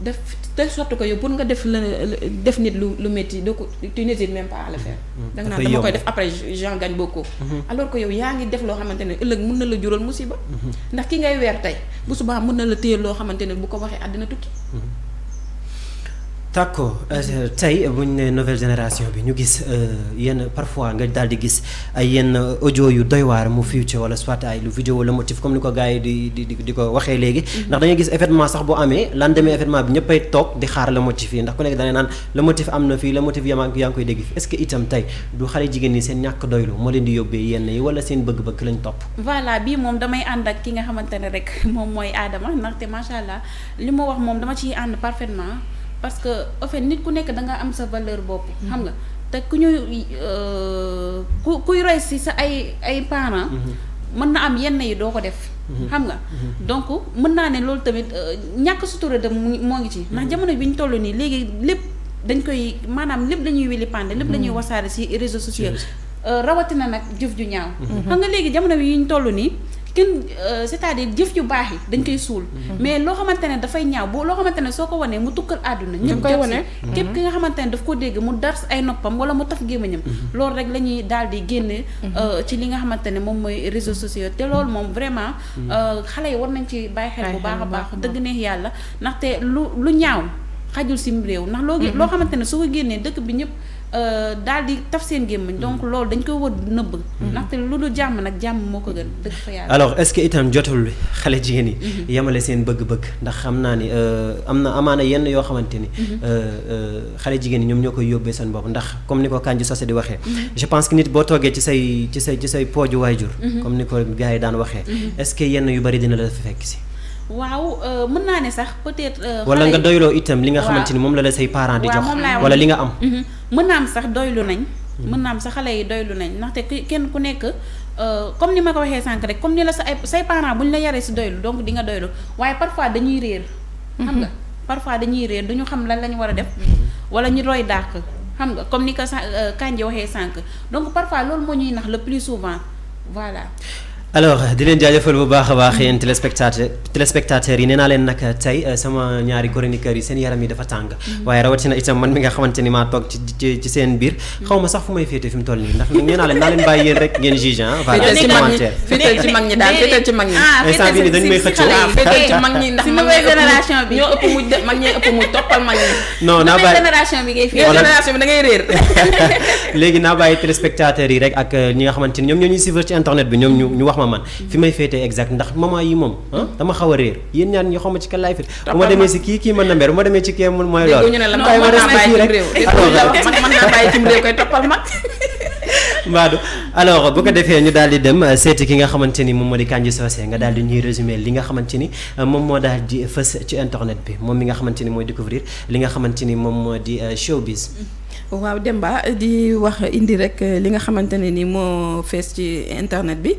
def telle sorte que yow pour nga def la def nit lu lu métti doo ko tu n'hésites même pas à le faire. Mm-hmm. Mm-hmm. da nga dama koy def après j'en gagne beaucoup. Mm-hmm. alors que yow yaa ngi def loo xamante ne ëllëg mun na la jural musiba. ndax ki ngay weer tey bu subaa mun na la téye loo xamante ne bu ko waxee àddina tukki. d'accord eh, tey bu ñu nee nouvelle génération bi ñu gis eh, yenn parfois nga daal di gis ay yenn audio yu doy waar mu future wala soit ay lu vidéo wala motif comme ni ko gars yi di di di ko waxee léegi. Mhm. ndax dañuy gis événement sax bu amee lan demee événement bi ñëppay toog di xaar le motif yi ndax ku nekk da naan le motif am na fii le motif yaa ngi koy dégg fii est-ce que itam tey du xale jigéen ñi seen ñàkk doylu moo leen di yóbbee yenn yi wala seen bëgg-bëgg ne rek moom mooy Adama ndaxte macha allah li mu wax moom dama ciy parce que en nit ku nekk da am sa valeur bopp. xam nga te ku ñuy euh, ku kuy roy si sa ay ay parents. Mhm. mën na am yenn yi doo ko def. Mhm. xam nga mhm. donc mën naa ne loolu tamit euh, ñàkk sutura dem moo ngi ci. ndax jamono bi ñu toll nii léegi lépp dañ koy maanaam lépp lañuy wili pande lépp lañuy wasaare si réseaux sociaux. Euh, rawatina nag jëf ju ñaaw. xam nga léegi jamono bi ñu toll nii. kenn euh, c'est-à-dire jëf yu baax yi dañ koy suul mhm. mais loo xamante ne dafay ñaaw boo loo xamante ne soo ko wanee mu tukkal àdduna ñëpp koy wane mhm. képp ki nga xamante ne daf ko dégg mu dars ay noppam wala mu taf gémmiñam mhm. loolu rek la ñuy daal di génne euh, ci li nga xamante ne moom mooy réseaux sociaux te loolu moom vraiment euh, xale yi war nañ ci bàyyi xel bu baax a baax dëgg neex yàlla ndaxte lu lu ñaaw xajul sim réew ndax loo loo xamante ne su ko génnee dëkk bi ñëpp Euh, daal di taf seen gémmañ donc mm. loolu dañ ko war nëbb mm. ndaxte lu du jàmm nag jàmm moo ko gën dëgg fa yàlla alors est-ce que itam jotul xale jigéen yi mm-hmm. yemale seen bëgg-bëgg ndax xam naa ni euh, am na amaana yenn yoo xamante ni mm-hmm. euh, xale jigéen yi ñoom ñoo koy yóbbee seen bopp ndax comme ni ko Kandji Sose di waxee mm-hmm. je pense que nit boo toogee ci say ci say ci say pooju comme ni ko gars yi daan waxee est-ce que yenn yu bari dina la fekk si waaw euh, mën naa ne sax peut-être. Euh, wala nga doyloo itam li nga xamante ni moom la la say parents di jox wala li nga am. Mhm. mën naa am sax doylu nañ. Mhm. mën naa am sax xale yi doylu nañ ndaxte kenn ku nekk. Euh, comme ni ma ko waxee sànq rek comme ni la sa ay say parents bu ñu la yaree si doylu donc di nga doylu waaye parfois dañuy réer. xam mhm. nga parfois dañuy réer duñu xam lan la ñu war a def. wala ñu roy dàq. xam nga comme ni ko sa kànji waxee sànq donc parfois loolu moo ñuy nax le plus souvent voilà. alors di leen jaajëfal bu baax a baax yéen téléspectateur téléspectateurs yi nee naa leen nag tey sama ñaari chroniqueurs yi seen yaram yi dafa tàng waaye rawatina itam man mi nga xamante ni maa toog ci ci seen biir xaw ma sax fu may féete fi mu toll nii ndax nee naa leen naa leen bàyyi yéen rek ngeen juge ah voilà ci commentaire féetal ci mag ñi daal féetal ci mag ñi instant bii nii dañ may xëccoo féetal ci mag ñi ndax nouvelle génération bi ñoo ëpp mujj mag ñi ëpp mujj toppal mag ñi non naa bàyyi génération bi ngay féetal génération bi da ngay réer léegi naa bàyyi téléspectateurs yi rek ak ñi nga xamante ni ñoom ñoo ñuy suivre ci internet bi ñoom ñu wax ma man fi may féetee exact ndax moment yi moom ah, dama xaw a réer yéen ñaan ñoo xawma ci kan laay bu ma demee si kii kii mën na mber bu ma demee ci kii mooy loolu waaye ma des ci kii rek toppal ma mbaadu alors bu ko defee ñu daal di dem euh, seeti ki nga xamante ni moom moo di Kandji Socé nga daal di ñuy résumé li nga xamante ni euh, moom moo daal di fës ci internet bi moom mi nga xamante ni mooy découvrir li nga xamante ni moom moo di euh, showbiz mm. waaw Demba di wax indi rek li nga xamante ne ni moo fees ci internet bi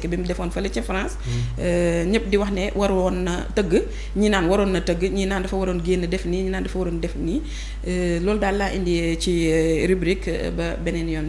ce bi mu defoon fele ci France. Mm. Euh, ñep di wax war won na teug ñi naan na teug ñi naan dafa def ni ñi naan dafa def euh lool dal la indi ci euh, rubrique euh, ba benen yoon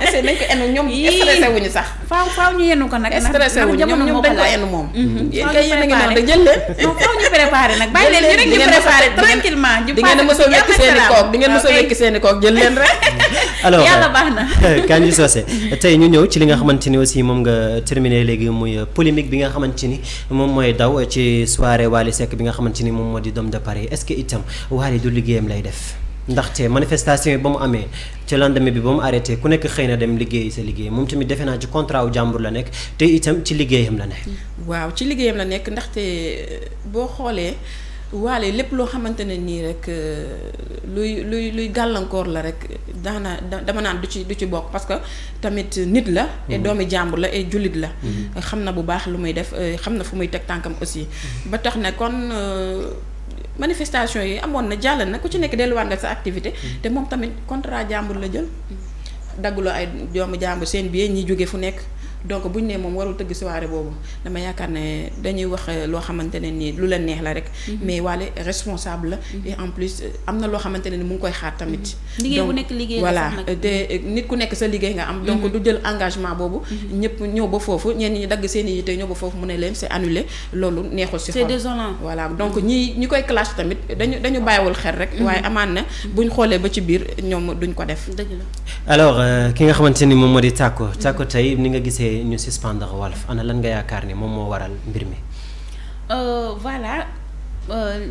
essayé nañ ko enu ñoom stressé sax faaw faaw ñu yenu ko nag stressé wuñu ñoom dañ ko enu moom mhm. yéen kay yéen a ngi noonu da jël leen faaw ñu préparé nag bàyyi leen ñu jël leen rek yàlla baax na euh, euh, Kandji Socé tey ñu ñëw ci li nga xamante ni aussi moom nga terminé léegi muy euh, polémique bi nga xamante ni moom mooy daw ci soirée Wally Seck bi nga xamante ni moom moo di Dôme de yi est-ce que itam Wally du liggéeyam lay def ndaxte manifestation bi ba mu amee ca lendemain bi ba mu arrêté ku nek xeyna dem liggéey sa liggéey moom tamit defe naa ci contrat wu jambour la nek te itam ci liggéeyam la nek waaw ci liggéeyam la nek ndaxte bo xolé walé lépp lo xamante ni rek luy luy luy gàllankoor la rek dana dama nan du ci du ci bok parce que tamit nit la. et domi jambour la et julit la. xamna bu baax lu muy def xamna na fu muy teg tànkam aussi. ba tax ne kon. manifestation yi amoon na jàll na ku ci nekk delluwaat nga sa activité. Mm-hmm. te moom tamit contrat jàmbur la jël. Mm-hmm. dagguloo ay doomu jàmbur seen biir ñi jóge fu nekk. donc bu ñu nee moom warul tëgg soirée boobu dama yaakaar ne dañuy wax euh, loo xamante ne nii lu leen neex la rek. Mm-hmm. mais Wally responsable la. Mm-hmm. en plus euh, am na loo xamante ne ni mu ngi koy xaar tamit. Mm-hmm. liggéey bu nekk liggéey voilà te euh, ku nekk sa liggéey nga am. donc du jël engagement boobu. ñëpp ñëw ba foofu ñenn ñi dagg seen i ñëw ba foofu mu ne leen c'est annulé loolu neexul si xol. c'est voilà donc ñi ñi koy clash tamit dañu dañu bàyyiwul xel rek. waaye amaan na buñ xoolee ba ci biir ñoom duñ ko def. dëgg la alors ki nga xamante ni moom moo di Tacko Tacko tey ni nga gisee gisee ñu suspendre Walf ana lan nga yaakaar ni moom moo waral mbir mi. Euh, voilà. Euh,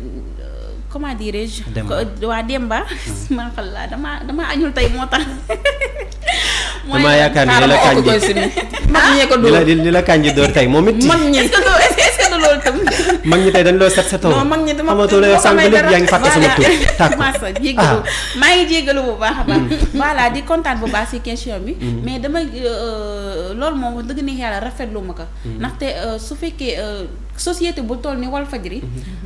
comment dirais je wa demba ma xalla dama dama añul tay motax dama yakane ni la kanji mag ñe ko do li la kanji do tay momit mag ñe est ce que est ce lol tam mag ñi tay dañ lo set seto non mag ñi dama amato lay sang lepp yaangi fatte sama tour tak ma sa jéggalu ma ngi jéggelu bu baax ba voilà di contact bu baax ci question bi mais dama lol mom deug ni yalla hmm. eh, eh, rafetlu maka ndax té su féké société boutonne et ni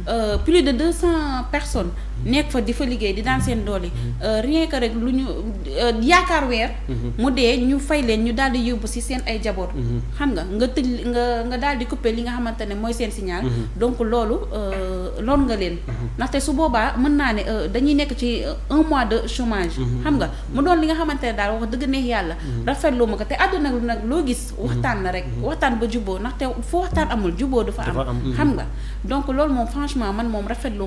euh, plus de 200 personnes nekk fa di fa liggéey di daan seen doole euh, rien que rek lu ñu euh, yaakaar weer mhm. mu dee ñu fay leen ñu daal di yóbbu si seen ay jaboot mhm. xam nga nga tëj nga nga daal di couper li nga xamante ne mooy seen signal mhm. donc loolu euh, lool nga leen ndaxte su boobaa mën naa ne dañuy nekk ci un mois de chômage xam nga mu doon li nga xamante ne daal dëgg neex yàlla rafetlu ma ko te àdduna nag loo gis waxtaan la rek waxtaan ba juboo ndaxte fu waxtaan amul juboo dafa am xam nga loolu moom franchement man moom rafetlu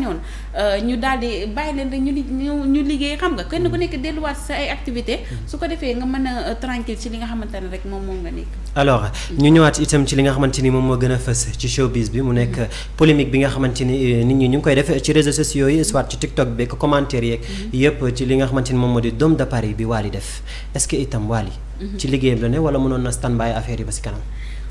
sañoon euh, ñu daal di bàyyi leen rek ñu ñu ñu liggéey xam nga kenn ku nekk delluwaat sa ay activité mm-hmm. su ko defee nga mën a euh, tranquille ci li nga xamante ne rek moom moom nga nekk alors ñu ñëwaat itam ci li nga xamante ni moom moo gën a fës ci showbiz bi mu nekk mm-hmm. polémique bi nga xamante ni euh, nit ñi ñu ngi koy def ci réseaux sociaux yi soit ci TikTok bi ak commentaire yeeg mm-hmm. ci li nga xamante ni moom moo di Dôme de Paris bi Wally def est-ce que itam Wally ci liggéeyam wala mënoon na stand by affaire yi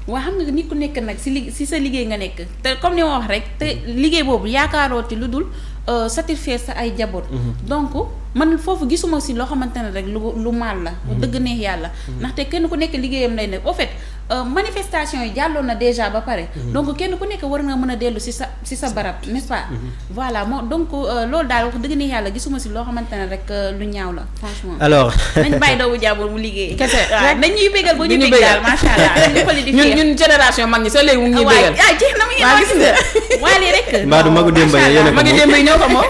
waa xam nga ni ku nekk nag si li si sa liggéey nga nekk te comme ni wax rek te liggéey boobu yaakaarooti lu dul euh, satisfaire sa ay jaboot mhm. donc man foofu gisuma si loo xamante ne rek lu lu maal la. Mhm. dëgg neex yàlla. Mhm. ndaxte kenn ku nekk liggéeyam lay nekk au fait. Euh, manifestation yi jàlloon na déjà ba paré mhm. donc kenn ku nek war nga mëna déllu ci si sa sa barab n'est-ce pas. Mhm. voilà donc euh, loolu daal wax dëgg ni yalla gisuma ci lo xamante rek euh, lu ñaaw la franchement. alors nañ bàyyi doomu jàmbur mu liggéey. kese waaw nañ ñuy bégal ba ñu bég daal macha allah ñun ñun génération mag ñi sa léegi wu ñuy ah, bégal. ah jeex na mu ngi mag gis waali rek. Mbadou Magu Demba yéen a ko moom Demba ñoo ko moom.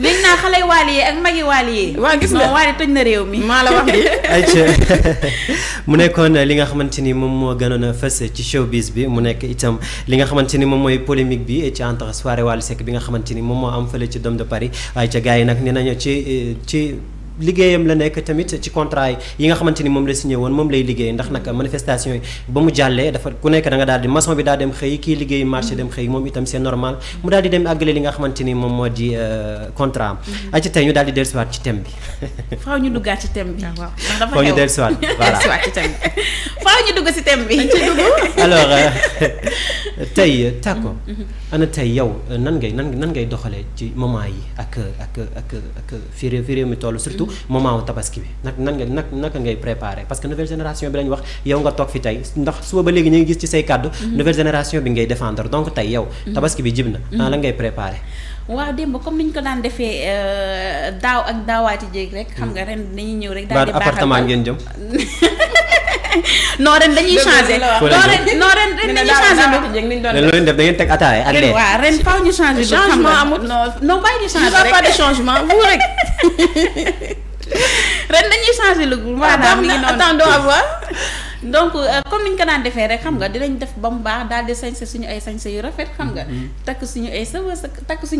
léegi naa xale waali ak magi waali wa gis nga waali toj na réew mi maa la wax di. ayca mu nekkoon li nga xamante ni moom moo gënoon a fës ci showbiz bi mu nekk itam li nga xamante ni moom mooy polémique bi ci entre soirée Wally Seck bi nga xamante ni moom moo am fële ci Dôme de Paris waaye ca gars yi nag nee nañu ci ci liggéeyam la nekk tamit ci contrat yi nga xamante ni moom la signé woon moom lay liggéey ndax nag manifestation ba mu jàllee dafa ku nekk da nga daal di mason bi daal dem xëy kii liggéey marché dem xëy moom itam c'est normal mu daal di dem àggale li nga xamante ni moom moo di euh, contrat am mhm. aca tey ñu daal di delsiwaat ci thème bi faaw ñu duggaat ci thème bi ah, waaw faaw ñu dellusiwaat voilà faaw ñu dugg si thème bi alors euh, tey tàkko mhm, mhm. ana tey yow euh, nan ngay nan nan ngay doxalee ci moment yi ak ak ak mi toll surtout moment wu tabaski bi nag nan nag naka ngay préparer parce que nouvelle génération bi lañu wax yow nga toog fi tey ndax suba ba léegi ñu ngi gis ci say kàddu mhm. nouvelle génération bi ngay défendre donc tey yow mhm. tabaski bi jib na nan la mhm. ngay préparer waaw démb comme ni ñu ko daan defee euh, daaw ak daawaati jéeg rek xam nga ren dañuy ñëw rek daal di ngeen jëm non ren dañuy pas non ren ren dañuy changé. pas leen def da ngeen a pas de changement non pas de changement vous rek. ren dañuy changé le de donc euh, comme ni ko daan defee nga dinañ def ba mu baax di sañse suñu ay sañse yu rafet nga. Mm-hmm. suñu ay suñu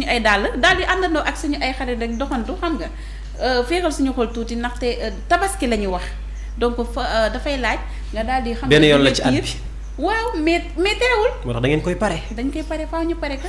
ay di ak suñu ay xarit nga euh, suñu euh, donc fa euh, dafay laaj nga daal di xam benn yoon la ci at bi waaw mais mais terewul moo tax da ngeen koy pare dañ koy pare faw ñu pare ka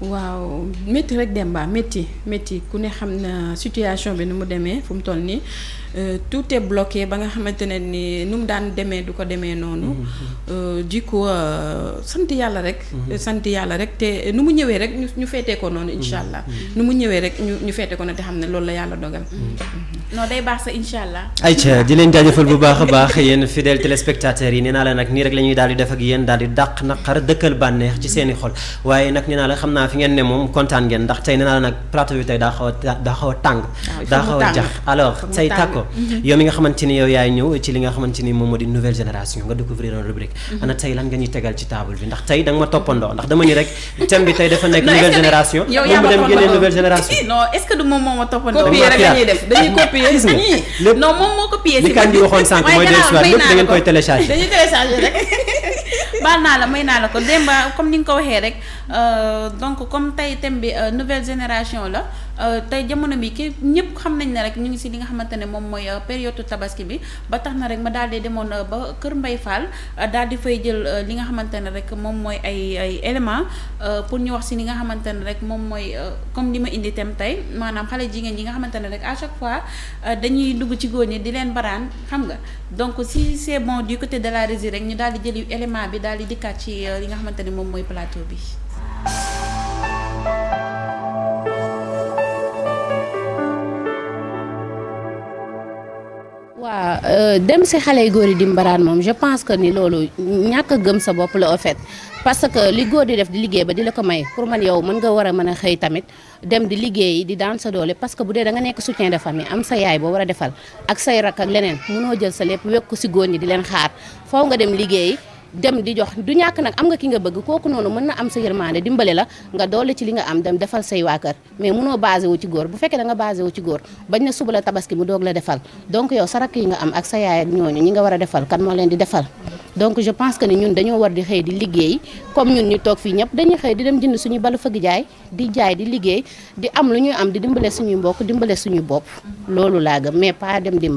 waaw métti rek dem Demba métti métti ku ne xam na situation bi nu mu demee fu mu toll nii euh, tout est bloqué ba nga xamante ne nii nu mu daan demee du ko demee noonu. Mm-hmm. Euh, di ko euh, sant yàlla rek. Mm-hmm. sant yàlla rek te nu mu ñëwee rek ñu ñu ko noonu. incha mm-hmm. allah nu mu ñëwee rek ñu ñu feete ko noonu te xam ne loolu la yàlla dogal. non day baax sa incha allah. ayca di leen jaajëfal bu baax a baax yéen fidèles téléspectateurs yi ne naa la nag nii rek la ñuy daal di def ak yéen daal di dàq naqar dëkkal bànneex ci seen xol naa fi ngeen ne moom kontaan ngeen ndax tey nee la nag plateau bi tey daa xaw a daa xaw a tàng daa xaw a jax alors tey tàkko mhm. yow mi nga xamante ni yow yaay ñëw ci li nga xamante ni moom moo di nouvelle génération nga découvrir une rubrique mhm. ana tey lan nga ñuy tegal ci table bi ndax tey da nga ma toppandoo ndax dama ñu rek thème bi tey dafa nekk nouvelle génération du moom moo ma toppandoo copier rek la def dañuy copier gis nga non moom moo copier koy télécharger dañuy télécharger baal naa la may naa la ko Demba comme ni nga ko waxee rek euh, donc comme tey thème bi euh, nouvelle génération la Euh, tey jamono bi ki ñëpp xam nañ ne rek ñu ngi si li nga xamante ne moom mooy euh, période tabaski bi ba tax na rek ma daal di demoon euh, ba Kër Mbay Fall daal di fay jël li nga xamante ne rek moom mooy ay ay élément pour ñu wax si li nga xamante ne rek moom mooy comme li ma indi tem tey maanaam xale jigéen yi nga xamante ne rek à chaque fois dañuy dugg ci góor ñi di leen baraan xam nga donc si c'est bon du côté de la régie rek ñu daal di jël élément bi daal di dikkaat ci li nga xamante moom mooy plateau bi. waaw euh, dem si xale yu góor yi dimbaraan moom je pense que ni loolu ñàkk gëm sa bopp la en fait parce que li góor di def di liggéey ba di la ko may pour man yow mën nga war a mën a xëy tamit dem di liggéey di daan sa doole parce que bu dee da nga nekk soutien de famille am sa yaay boo war a defal ak say rak ak leneen mënoo jël sa lépp wekk si góor ñi di leen xaar foo nga dem liggéey. dem di jox du ñàkk nag am nga ki nga bëgg kooku noonu mën na am sa yërmande dimbale la nga doole ci li nga am dem defal say waa kër mais munoo basé wu ci góor bu fekkee danga nga basé wu ci góor bañ na suba la tabaski mu doog la defal donc yow sa rakk yi nga am ak sa yaay ak ñooñu ñi nga war a defal kan moo leen di defal donc je pense que ni ñun dañoo war di xëy di liggéey comme ñun ñu toog fii ñëpp dañuy xëy di dem jënd suñu balu fëgg jaay di jaay di liggéey di am lu ñuy am di dimbale suñuy mbokk dimbale suñu bopp loolu laa gëm mais pas dem di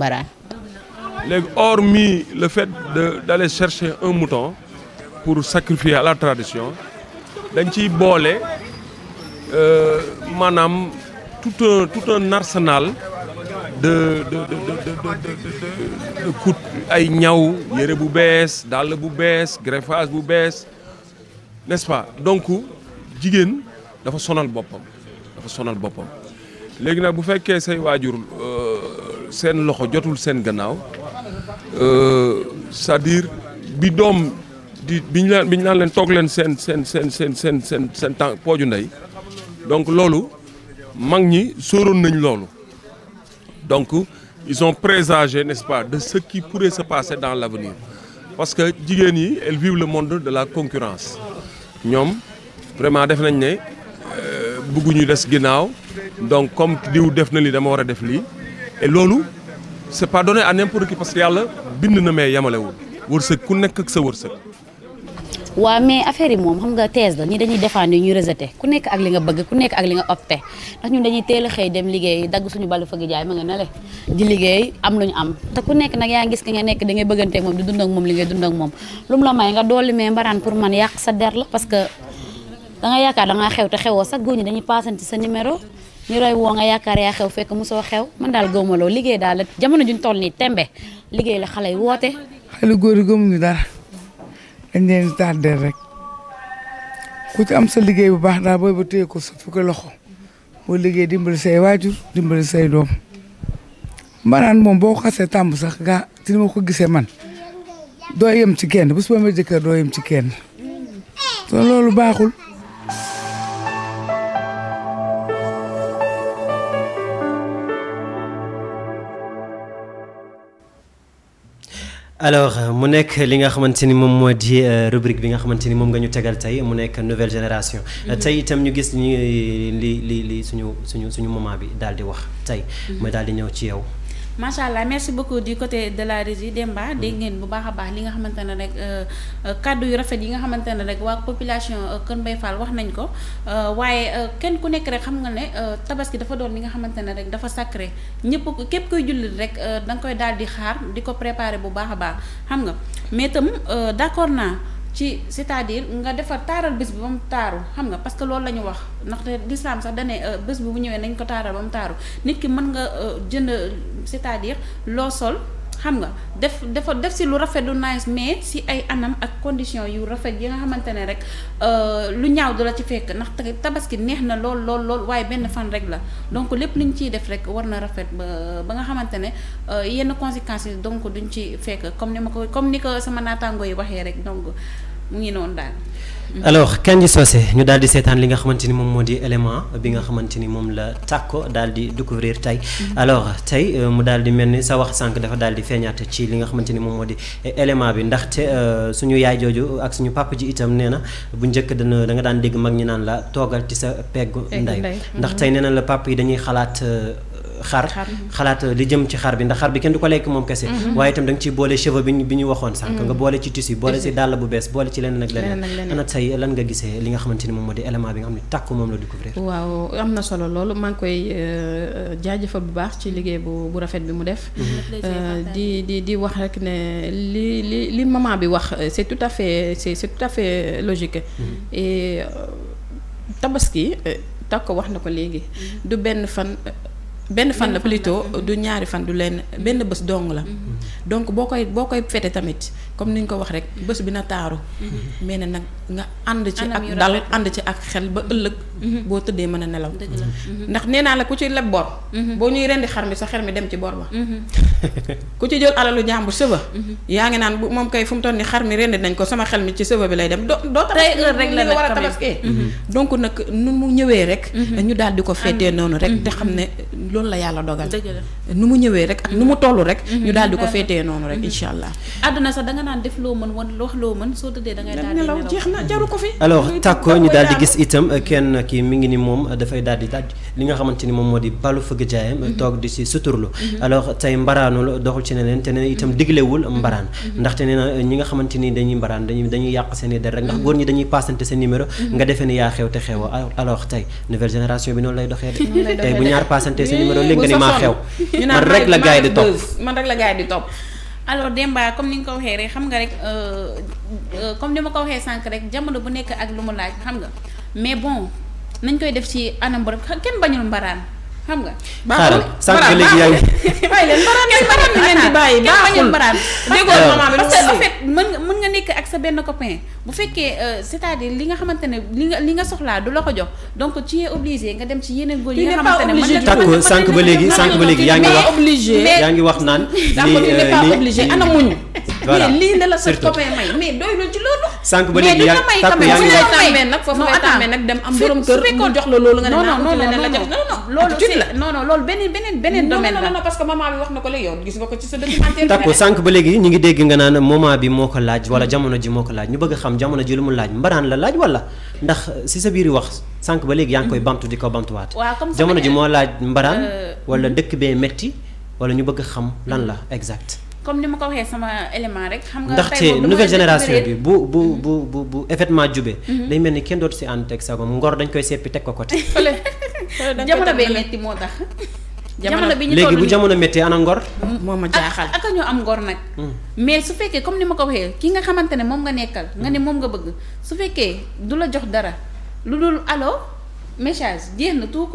léegi hormis le fait de d'aller chercher un mouton pour sacrifier à la tradition dañ ciy boole euh, manam tout un tout un arsenal de de de de de kut ay ñaw yére bu bees dàll bu bees greffage bu n'est-ce pas donc jigéen dafa sonal boppam dafa sonal boppam léegi nag bu fekkee say waajur euh, sen loxo jotul sen gannaaw euh, c'est-à-dire bi doom de donc lolu nañ donc ils ont présagé n'est-ce pas de ce qui pourrait se passer dans l'avenir parce que jigen yi vivent le monde de la concurrence vraiment euh, donc comme diou def na li et c' est pas donné à n'importe qui parce que yàlla bind na mais yemalewul wërsëg ku nekk ak sa wërsëg. waaw mais affaire yi moom xam nga thèse la ñi dañuy défendre ñu rejeté ku nekk ak li nga bëgg ku nekk ak li nga opté ndax ñun dañuy teel a dem liggéey dagg suñu balu fëgg jaay ma nga nale di liggéey am lu ñu am te ku nekk nag yaa ngi gis ki nga nekk da ngay bëgganteeg moom di dund ak moom li ngay dund ak moom lu mu la may nga dooli mais mbaraan pour man yàq sa der la parce que da nga yaakaar da ngaa xew te xewoo sax góor ñi sa numéro ñu lay woo nga yaakaar yaa xew fekk mosoo xew man daal gëwmaloo liggéey daal la jamono juñ toll nii tembe liggéey la xale yi woote. xale góor yi gëmuñu dara dañ leen di rek ku ci am sa liggéey bu baax daal booy ba téye ko sa fukki loxo boo liggéey dimbali say waajur dimbali say doom mbaraan moom boo xasee tàmb sax gaa ci ni ma ko gisee man doo yem ci kenn bu boo ma jëkkër doo yem ci kenn te loolu baaxul. alors euh, mu Linga li nga euh, rubrique bi nga xamanteni ni nouvelle génération. Mm-hmm. Euh, Tay itam ñu gis li li li suñu suñu macha allah merci beaucoup du côté de la régie Demba hmm. de ngeen bu baakha baax li nga xamantene rek rek euh, euh, cadeau yu rafet yi nga xamantene rek wa population keun bay Fall wax nañ ko euh, waye kenn ku nek rek xam nga ne tabaski dafa doon li nga xamantene rek dafa sacré ñepp kep koy jullit rek dang koy di xaar diko ko préparer bu baakha baax xam nga mais tam d'accord na ci cest à nga defar taaral bés bi ba mu taaru xam nga parce que loolu la ñu wax ndaxte lislaam sax dane euh, bés bi bu ñëwee nañ ko taaral ba mu taaru nit ki mën nga euh, jënd cest loo sol xam nga def dafa def si lu rafet du nice mais si ay anam ak condition yu rafet yi nga xamante ne rek euh, lu ñaaw du la ci fekk ndax tabaski neex na lool lool lool waaye benn fan rek la donc lépp luñ ciy def rek war na rafet ba ba nga xamante ne yenn conséquences yi donc duñ ci fekk comme ni ma ko comme ni ko sama naataango yi waxee rek donc ngi alors Kandji Socé ñu di seetaan li nga xamante éléments, moom moo di élément la di découvrir mhm. alors tu euh, mu di mel sa wax des dafa dal di feeñaat ci li nga xamante ni moom moo nous eh, élément bi ndaxte euh, suñu yaay jooju ak da nga daan la xar mhm. xalaat euh, li jëm ci xar bi ndax xar bi kenn du ko lekk moom kese mhm. waaye itam da nga ciy boole cheveux bi bi ñu waxoon sànq mhm. nga boole ci tissu boole si dàll bu bees boole ci leneen ak leneen ana say lan nga gisee li nga xamante ni moom moo di élément bi nga xam ne tàkk moom la découvrir waaw am na solo loolu maa ngi koy euh, jaajëfal bu baax ci liggéey bu bu rafet bi mu def euh, di di di wax rek ne li li li maman bi wax c'est tout à fait c'est c'est tout à fait logique et tabaski takk wax na ko léegi du benn fan benn fan la plutôt du ñaari fan du leen benn bés dong la mm-hmm. donc boo koy boo koy fete tamit comme ni ñu ko wax rek bés bi na taaru. Mm-hmm. mais nag nga ànd ci ak dal ànd ci ak xel ba ëllëg. Mm-hmm. boo tëddee mën a nelaw. Mm-hmm. ndax nee naa la ku ci leb bor. boo ñuy rendi xar mi sa xel mi dem ci bor ba. ku ci jël alalu jàmbur sëba. yaa ngi naan moom kay fu mu toll ni xar mi rendi nañ ko sama xel mi ci sëba bi lay dem doo doo. tey heure rek la nag war a tabaskee donc nag nu mu ñëwee rek. ñu daal di ko féetee noonu rek. te xam ne loolu la yàlla dogal. nu mu ñëwee rek nu mu toll rek. daal di ko féetee noonu rek incha allah. àdduna sax da ngay daal di nelaw jeex na jaru ko fi. alors tàkko ñu daal di gis itam kenn kii mi ngi ni moom dafay daal di daaj li nga xamante ni moom moo di balu fëgg jaayam mhm. toog di si suturlu mhm. alors tey mbaraanul doxul ci ne leen te nee itam mhm. diglewul mbaraan ndaxte nee na ñi nga xamante ni dañuy mbaraan dañuy yàq seen der rek ndax góor ñi dañuy passante seen numéro nga defee ni yaa xew te xew alors tey nouvelle génération bi noonu lay doxee de tey bu ñaar passante seen numéro léegi nga ni maa xew man rek la gaay di topp man rek la gaay di alors dembaa comme ni nga ko waxee rek xam nga rek euh, euh, comme ni ma ko waxee sànq rek jamono bu nekk ak lu mu laaj xam nga mais bon nañ koy def ci anam bu rek kenn bañul mbaraan. xam nga baaxul sank legi yaay bay len ni di baaxul parce que en fait nga nek ak sa ben copain bu fekke c'est-à-dire eh, li nga eh, xamantene li nga li nga soxla du la ko jox donc tu es obligé nga dem ci yeneen goor yi nga xamantene mën nga takku sank ba legi sank ba legi yaangi wax yaangi wax li li obligé ana muñ voilà mais doy kii la non non loolu beneen beneen beneen domaine la non non parce que maman bi wax na ko léegi yow ba léegi ñu ngi dégg nga naan moment bi moo ko laaj wala jamono ji moo ko laaj ñu bëgg xam ji lu mu laaj mbaraan la laaj wala ndax si sa biir wax sànq ba léegi yaa ngi koy bantu di ko bamtuwaat. jamono ji moo laaj mbaraan euh, wala mm-hmm. dëkk bee metti wala ñu bëgg xam lan la exact comme ni ma ko waxee sama élément rek. xam nga ndaxte nouvelle génération bi bu bu mm-hmm. bu bu bu effectivement jubee. Mm-hmm. day mel ni kenn dootu si ànd teg sagom ngor dañ koy seppi teg ko côté. jamono bee metti moo tax. jamono bi ñu léegi bu jamono méttee ana ngor. Mm-hmm. moo ma jaaxal ak ñoo am ngor nag. Mm. mais su fekkee comme ni ma ko waxee ki nga xamante ne moom nga nekkal. nga ne mm. moom nga bëgg su fekkee du la jox dara lu dul allo message jéem na tout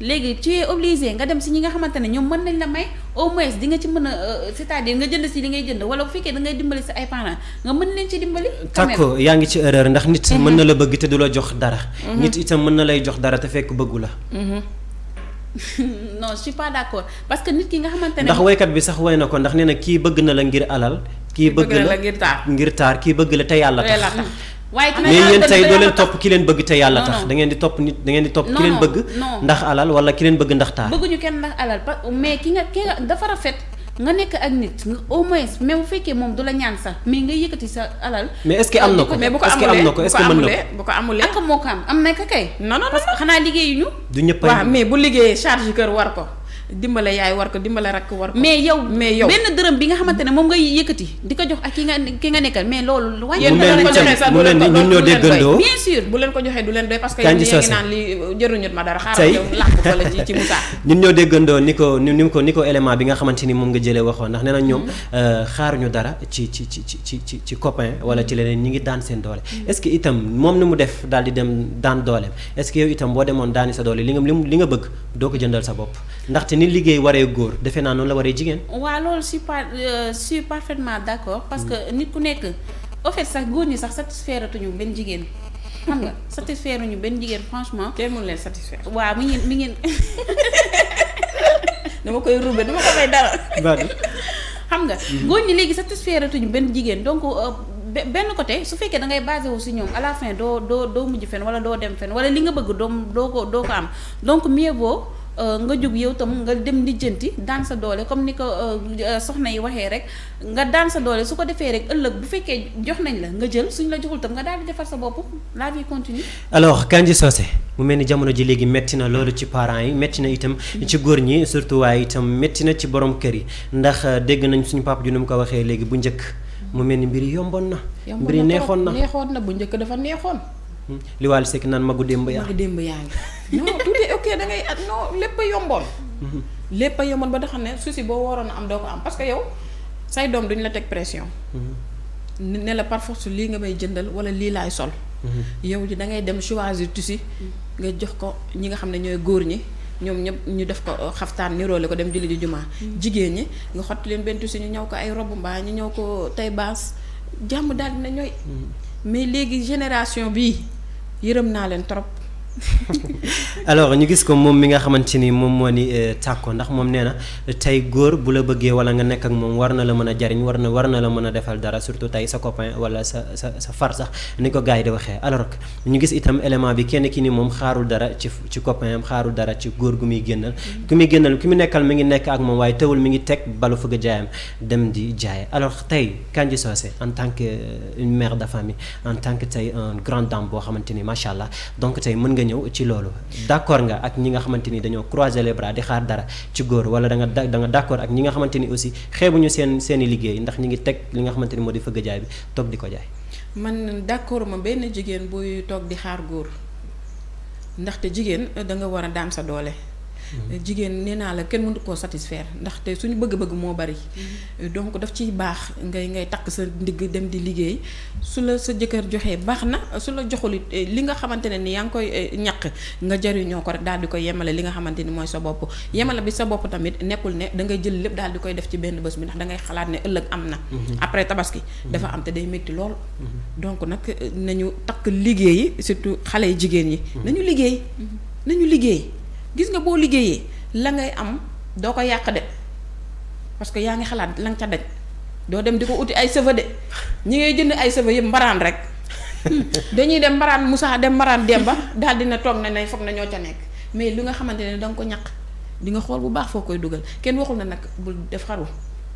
légui tu es obligé nga dem si ñi nga xamantene ñom mën nañ la may au moins di nga ci mëna euh, c'est-à-dire nga jënd si li ngay jënd wala bu fekkee da ngay dimbali sa ay parents nga mën leen ci dimbali takko yaa ngi ci erreur ndax nit mhm. mën na la bëgg té du la jox dara mhm. nit itam mën na lay jox dara te fekk bëggu la mhm. non je suis pas d'accord parce que nit ki nga xamantene ne ndax waykat bi sax way na ko ndax néna na bëgg na la ngir alal ki bëgg la ngir tar ngir taar ki bëgg la té yalla tax waaye mais yéen tey doo leen topp ki leen bëgg te yàlla tax da di topp nit da ngeen di topp ki leen bëgg ndax alal wala ki leen bëgg ndax taar bëgguñu kenn ndax alal mais ki nga ki nga dafa rafet nga nekk ak nit au moins même bu fekkee moom du la ñaan sax mais nga yëkkati sa alal mais est am na ko mais bu ko amulee est-ce que mën na ko bu ko amulee ak moo ko am am na kay non xanaa liggéeyuñu du ñëpp mais bu liggéeyee charge kër war ko dimbale yaay war ko dimbale rakk war ko. mais yow mais yow benn dërëm bi nga xamante ne moom ngay yëkkati di ko jox ak ki nga ki nga nekkal mais loolu. wàññi ko leen leen ko ñoo déggandoo bien sûr bu leen ko joxee du leen doy parce que yéen ngi naan li jëruñut ma dara xaaral yow làkk ko la ci ci Moussa ñun ñoo déggandoo ni ko ni ko ni ko élément bi nga xamante ni moom nga jëlee waxoon ndax nee na ñoom mm-hmm. euh, xaaruñu dara ci ci ci ci ci ci copain wala ci leneen ñi ngi daan seen doole mm-hmm. est-ce que itam moom ni mu def daal di dem daan dooleem est-ce que yow itam boo demoon daani sa doole li nga li nga bëgg doo ko sa bopp ni liggéey waree góor defe naa noonu la waree jigéen. waaw loolu je suis pas euh, parfaitement d' accord parce que hmm. nit ku nekk au sax góor ñi sax satisfaire tuñu benn jigéen. xam nga satisfaire ñu benn jigéen franchement. kenn mënu leen satisfaire. waaw mi mi ngi. koy rubé dama dara. xam nga. Hmm. góor ñi léegi satisfaire tuñu benn jigéen donc. Euh, benn côté su fekkee da ngay basé wu si ñoom à doo doo doo mujj fen wala doo dem fen wala li nga bëgg doo doo ko doo ko am donc mieux vaut Euh, nga jóg yow tam nga dem lijjanti daan sa doole comme ni ko euh, euh, soxna yi waxee rek nga daan sa doole su ko defee rek ëllëg bu fekkee jox nañ la nga jël suñ la joxul tam nga daal di defar sa bopp la vie continue. alors Kandji Socé mu mel ni jamono ji léegi métti na loolu ci parent yi métti na itam ci góor ñi surtout waaye itam métti na ci borom kër yi ndax dégg nañ suñu papa ju nu mu ko waxee léegi bu njëkk mu mel ni mbir yomboon na. mbir neexoon na neexoon na bu njëkk dafa neexoon. Hmm. li Wally Seck naan magu démb yaa. magu démb ya ngi non est ok da ngay at non lepp yombol hmm. lepp lépp ba nga souci bo worona am doko am parce que yow say dom duñ la tek pression. Hmm. ne la par force li nga may jëndal wala li lay sol. yow ji da ngay dem choisir tissu nga jox ko ñi nga xamne ñoy goor ñi. ñom ñep ñu def ko uh, xaftaan niroole ko dem julli ji jumaa jigéen ñi nga xott leen benn tusi ñu ko ay rob mbaa ñu ñëw ko tay bass jamm dal na ñoy mais génération bi yërëm naa leen trop alors ñu gis ko moom mi nga xamante ni moom moo ni euh, tàkko ndax moom nee na tey góor bu la bëggee wala nga nekk ak moom war na la mën a jariñ war na war na la mën a defal dara surtout tey sa copain wala sa sa sa far sax ni ko gars yi di waxee alors ñu gis itam élément bi kenn ki ni moom xaarul dara ci ci copain am xaarul dara ci góor gu muy génnal ku muy génnal ki mu nekkal mi ngi nekk ak moom waaye teewul mu ngi teg balu fëgg jaayam dem di jaaye alors tey Kandji en tant que euh, une mère de famille en tant que tey un grande dame boo xamante ni macha allah ñëw ci loolu d'accord nga ak ñi nga xamante ni dañoo croiser les di xaar dara ci góor wala da nga da nga d'accord ak ñi nga xamante ni aussi xeebuñu ñu seen seeni liggéey ndax ñi ngi teg li nga xamante ni moo di fëgg jaay bi toog di ko jaay man d'accord ma benn jigéen buy toog di xaar góor ndaxte jigéen da nga war a daan sa doole jigéen nee naa la kenn mënut koo satisfaire ndaxte suñu bëgg-bëgg moo bari. Mhm. donc daf ciy baax ngay ngay takk sa ndigg dem di liggéey su la sa jëkkër joxee baax na su la joxul eh, li nga xamante ne ni yaa ngi koy eh, ñaq nga jariñoo ko rek daal di koy yemale li nga xamante ni mooy sa bopp yemale bi sa bopp tamit nekkul ne da ngay jël lépp daal di koy def ci benn bés bi ndax dangay xalaat ne ëllëg am na. Mhm. après tabaski. Mhm. dafa am te day métti lool. donc nag eh, nañu takk liggéey surtout xale yi jigéen yi. nañu liggéey nañu liggéey. gis nga boo liggéeyee la ngay am doo ko yàq de parce que yaa ngi xalaat la nga ca daj doo dem di ko uti ay sëfa de ñi ngay jënd ay sëfa yëpp mbaraan rek dañuy dem mbaraan musaa dem mbaraan ba daal dina toog na ne foog na ñoo ca nekk mais li nga xamante ne da ko ñaq di nga xool bu baax foo koy dugal kenn waxul na nag bul def xaru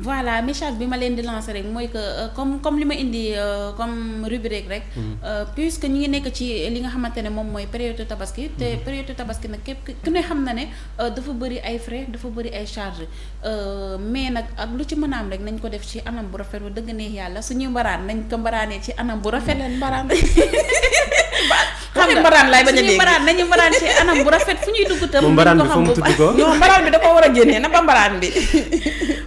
voilà message bi ma leen di lancer rek mooy que euh, comme comme li ma indi euh, comme rubrique rek. Mhm. Euh, puisque ñu ngi nekk ci li nga xamante ne moom mooy période tabaski. te mhm. période tabaski nag képp ku ne xam na ne dafa bëri ay frais dafa bëri ay charges mais nag ak lu ci mën am rek nañ ko def ci anam bu rafet ba dëgg neex yàlla suñu mbaraan nañ ko mbaraanee ci anam bu rafet. mbaraan xam nga mbaraan lay bañ a dégg mbaraan nañu mbaraan ci anam bu rafet fu ñuy dugg tam. ko xam bu mbaraan bi fa mu tudd ko. mbaraan bi da ko war a génnee na ba mbaraan bi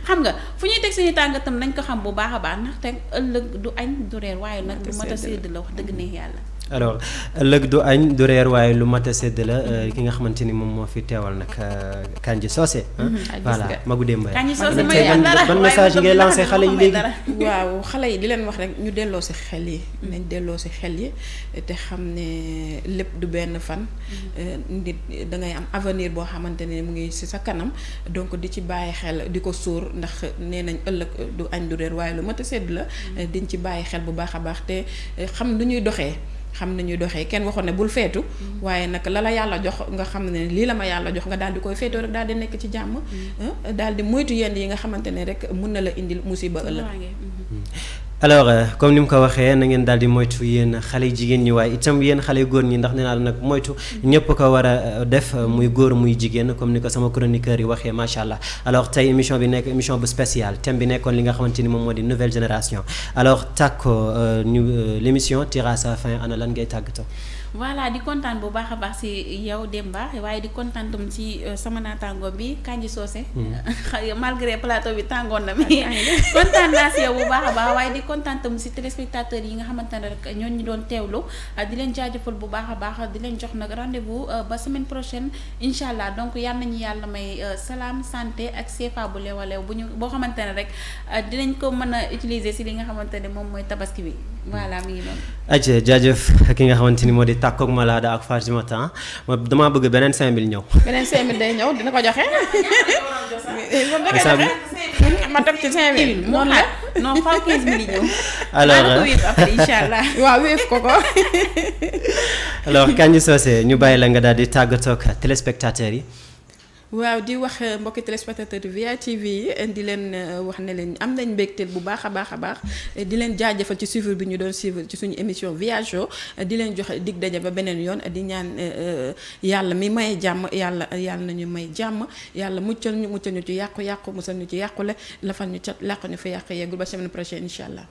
xam nga. fu ñuy teg suñu tàngatam nañ ko xam bu baax a baax ndaxte ëllëg du añ du reer waaye nag. du mat a sédd la wax dëgg neex yàlla. alors ëllëg du añ du reer waaye lu mat a sedd la euh, ki nga xamante ni moom moo fi teewal nag euh, Kandji Socé. Mhm, voilà Magu Demba Kandji Socé mooy dara ban message ngay lancé xale xale yi di leen wax rek ñu delloo si xel yi. Mhm. nañ delloo si xel yi te xam ne lépp du benn fan. Mhm. Euh, nit da am avenir boo xamante ne mu ngi si sa kanam donc di ci bàyyi xel di ko sóor ndax nee nañ ëllëg du añ du reer waaye lu mat a sedd la. diñ ci bàyyi xel bu baax a baax te xam lu ñuy doxee. xam na ñuy doxe kenn waxoon ne bul feetu mm-hmm. waaye nag la la yàlla jox nga xam ne lii la ma yàlla jox nga daal di koy feetoo rek daal di nekk ci jàmm mm-hmm. ah, dal di moytu yenn yi nga xamante ne rek mun na la indil musiba ëllëg alors comme ni mu ko waxee na ngeen daal di moytu yéen xale jigéen ñi waaye itam yéen xale góor ñi ndax nee naa la nag moytu ñëpp ko war a def muy góor muy jigéen comme ni ko sama chroniqueur yi waxee macha allah alors tey émission bi nekk émission bu spéciale thème bi nekkoon li nga xamante ni moom moo di nouvelle génération alors tàkko ñu l' émission tira sa fin ana lan ngay tàggatoo. voilà di kontaan bu baax a baax si yow Demba waaye di kontaan tam si euh, sama naataango bi Kandji Socé. Mm-hmm. malgré plateau bi tàngoon na mais ah, kontaan naa si yow bu baax a baax waaye di kontaan tam si téléspectateurs yi nga xamante ne rek ñoo ñu doon teewlu ah, di leen jaajëfal bu baax a baax di leen jox nag rendez-vous euh, ba semaine prochaine incha allah donc yal nañu yàlla may euh, salaam santé ak CFA bu leew bu ñu boo xamante ne rek ah, dinañ ko mën a utiliser si li nga xamante ne moom mooy tabaski bi voilà mi ngi noonu. jaajëf ki nga xamante ni moo di tàkkoog malaada ak Fatoumata ma damaa bëgg beneen 5000 ñëw. beneen 5000 day ñëw dina ko joxe. ma topp ci 5000. noonu la non pas 15000 yi ñëw. alors waaw wéef ko ko. alors Kandji Socé ñu bàyyi la nga daal di tàggatoo ak téléspectateurs yi. waaw di wax euh, mbokki téléspectateur VA yi euh, di leen euh, wax ne leen am nañ mbégteel bu baax a baax a baax di leen jaajëfal ci suivre bi ñu doon suivre ci suñu émission Viajo di leen joxe dig daje ba beneen yoon di ñaan yàlla mi may jàmm yàlla yàlla nañu may jàmm yàlla muccal ñu muccal ñu ci yàqu-yàqu musal ñu ci yàqu yàqule lafal ñu ca làqu ñu fa yàq yeggul ba semaine prochaine incha allah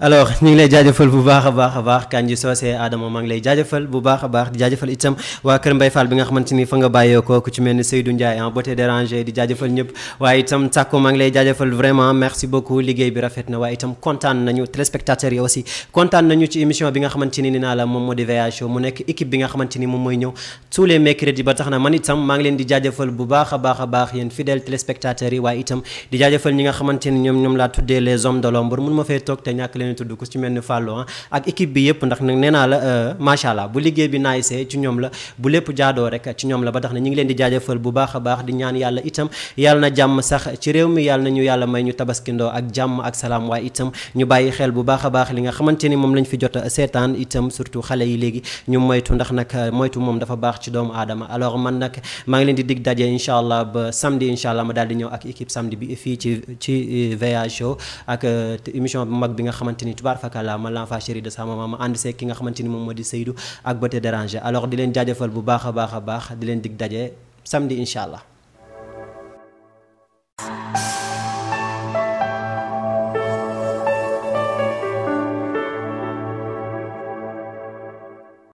alors ñu ngi lay jaajëfal bu baax a baax a baax Kandji Socé Adama maa lay jaajëfal bu baax a baax di jaajëfal itam waa Kër Mbaye Fall bi nga xamante ni fa nga bàyyeekoo ku ci mel ni Seydou Ndiaye en ah, beauté dérangé di jaajëfal ñëpp waaye itam Sakko maa ngi lay jaajëfal vraiment kontaan nañu téléspectateurs yi aussi kontaan nañu ci émission bi nga xamante ni ni naa la moom moo di VA Show mu nekk équipe bi nga xamante ni moom mooy ñëw tous les mercredis ba tax na man itam maa leen di jaajëfal a baax a baax yéen fidèles téléspectateurs ñàkk leen tudd ku ci mel ni Fallou ah, ak équipe bi yëpp ndax nag naa la euh, macha allah bu liggéey bi naaysee ci ñoom la bu lépp jaadoo rek ci ñoom la ba tax na ñu ngi leen di jaajëfal bu baax a baax di ñaan yàlla itam yàlla na jàmm sax ci réew mi yàlla na ñu yàlla may ñu tabaskindoo ak jàmm ak salaam waaye itam ñu bàyyi xel bu baax a baax li nga xamante ni moom lañu fi jot seetaan itam surtout xale yi léegi ñu moytu ndax nag euh, moytu moom dafa baax ci doomu aadama alors man nag maa ngi leen di dig daje incha allah ba samedi incha allah ma daal di ñëw ak équipe samedi bi fii ci ci euh, VA show ak émission bi nga xamante ni tubaar fakala ma l'enfant chéri de sa maman ma ànd seeg nga xamante moom moo di Seydou ak Beauté Dérangé alors di leen jaajëfal bu baax a baax di leen dig daje samedi incha allah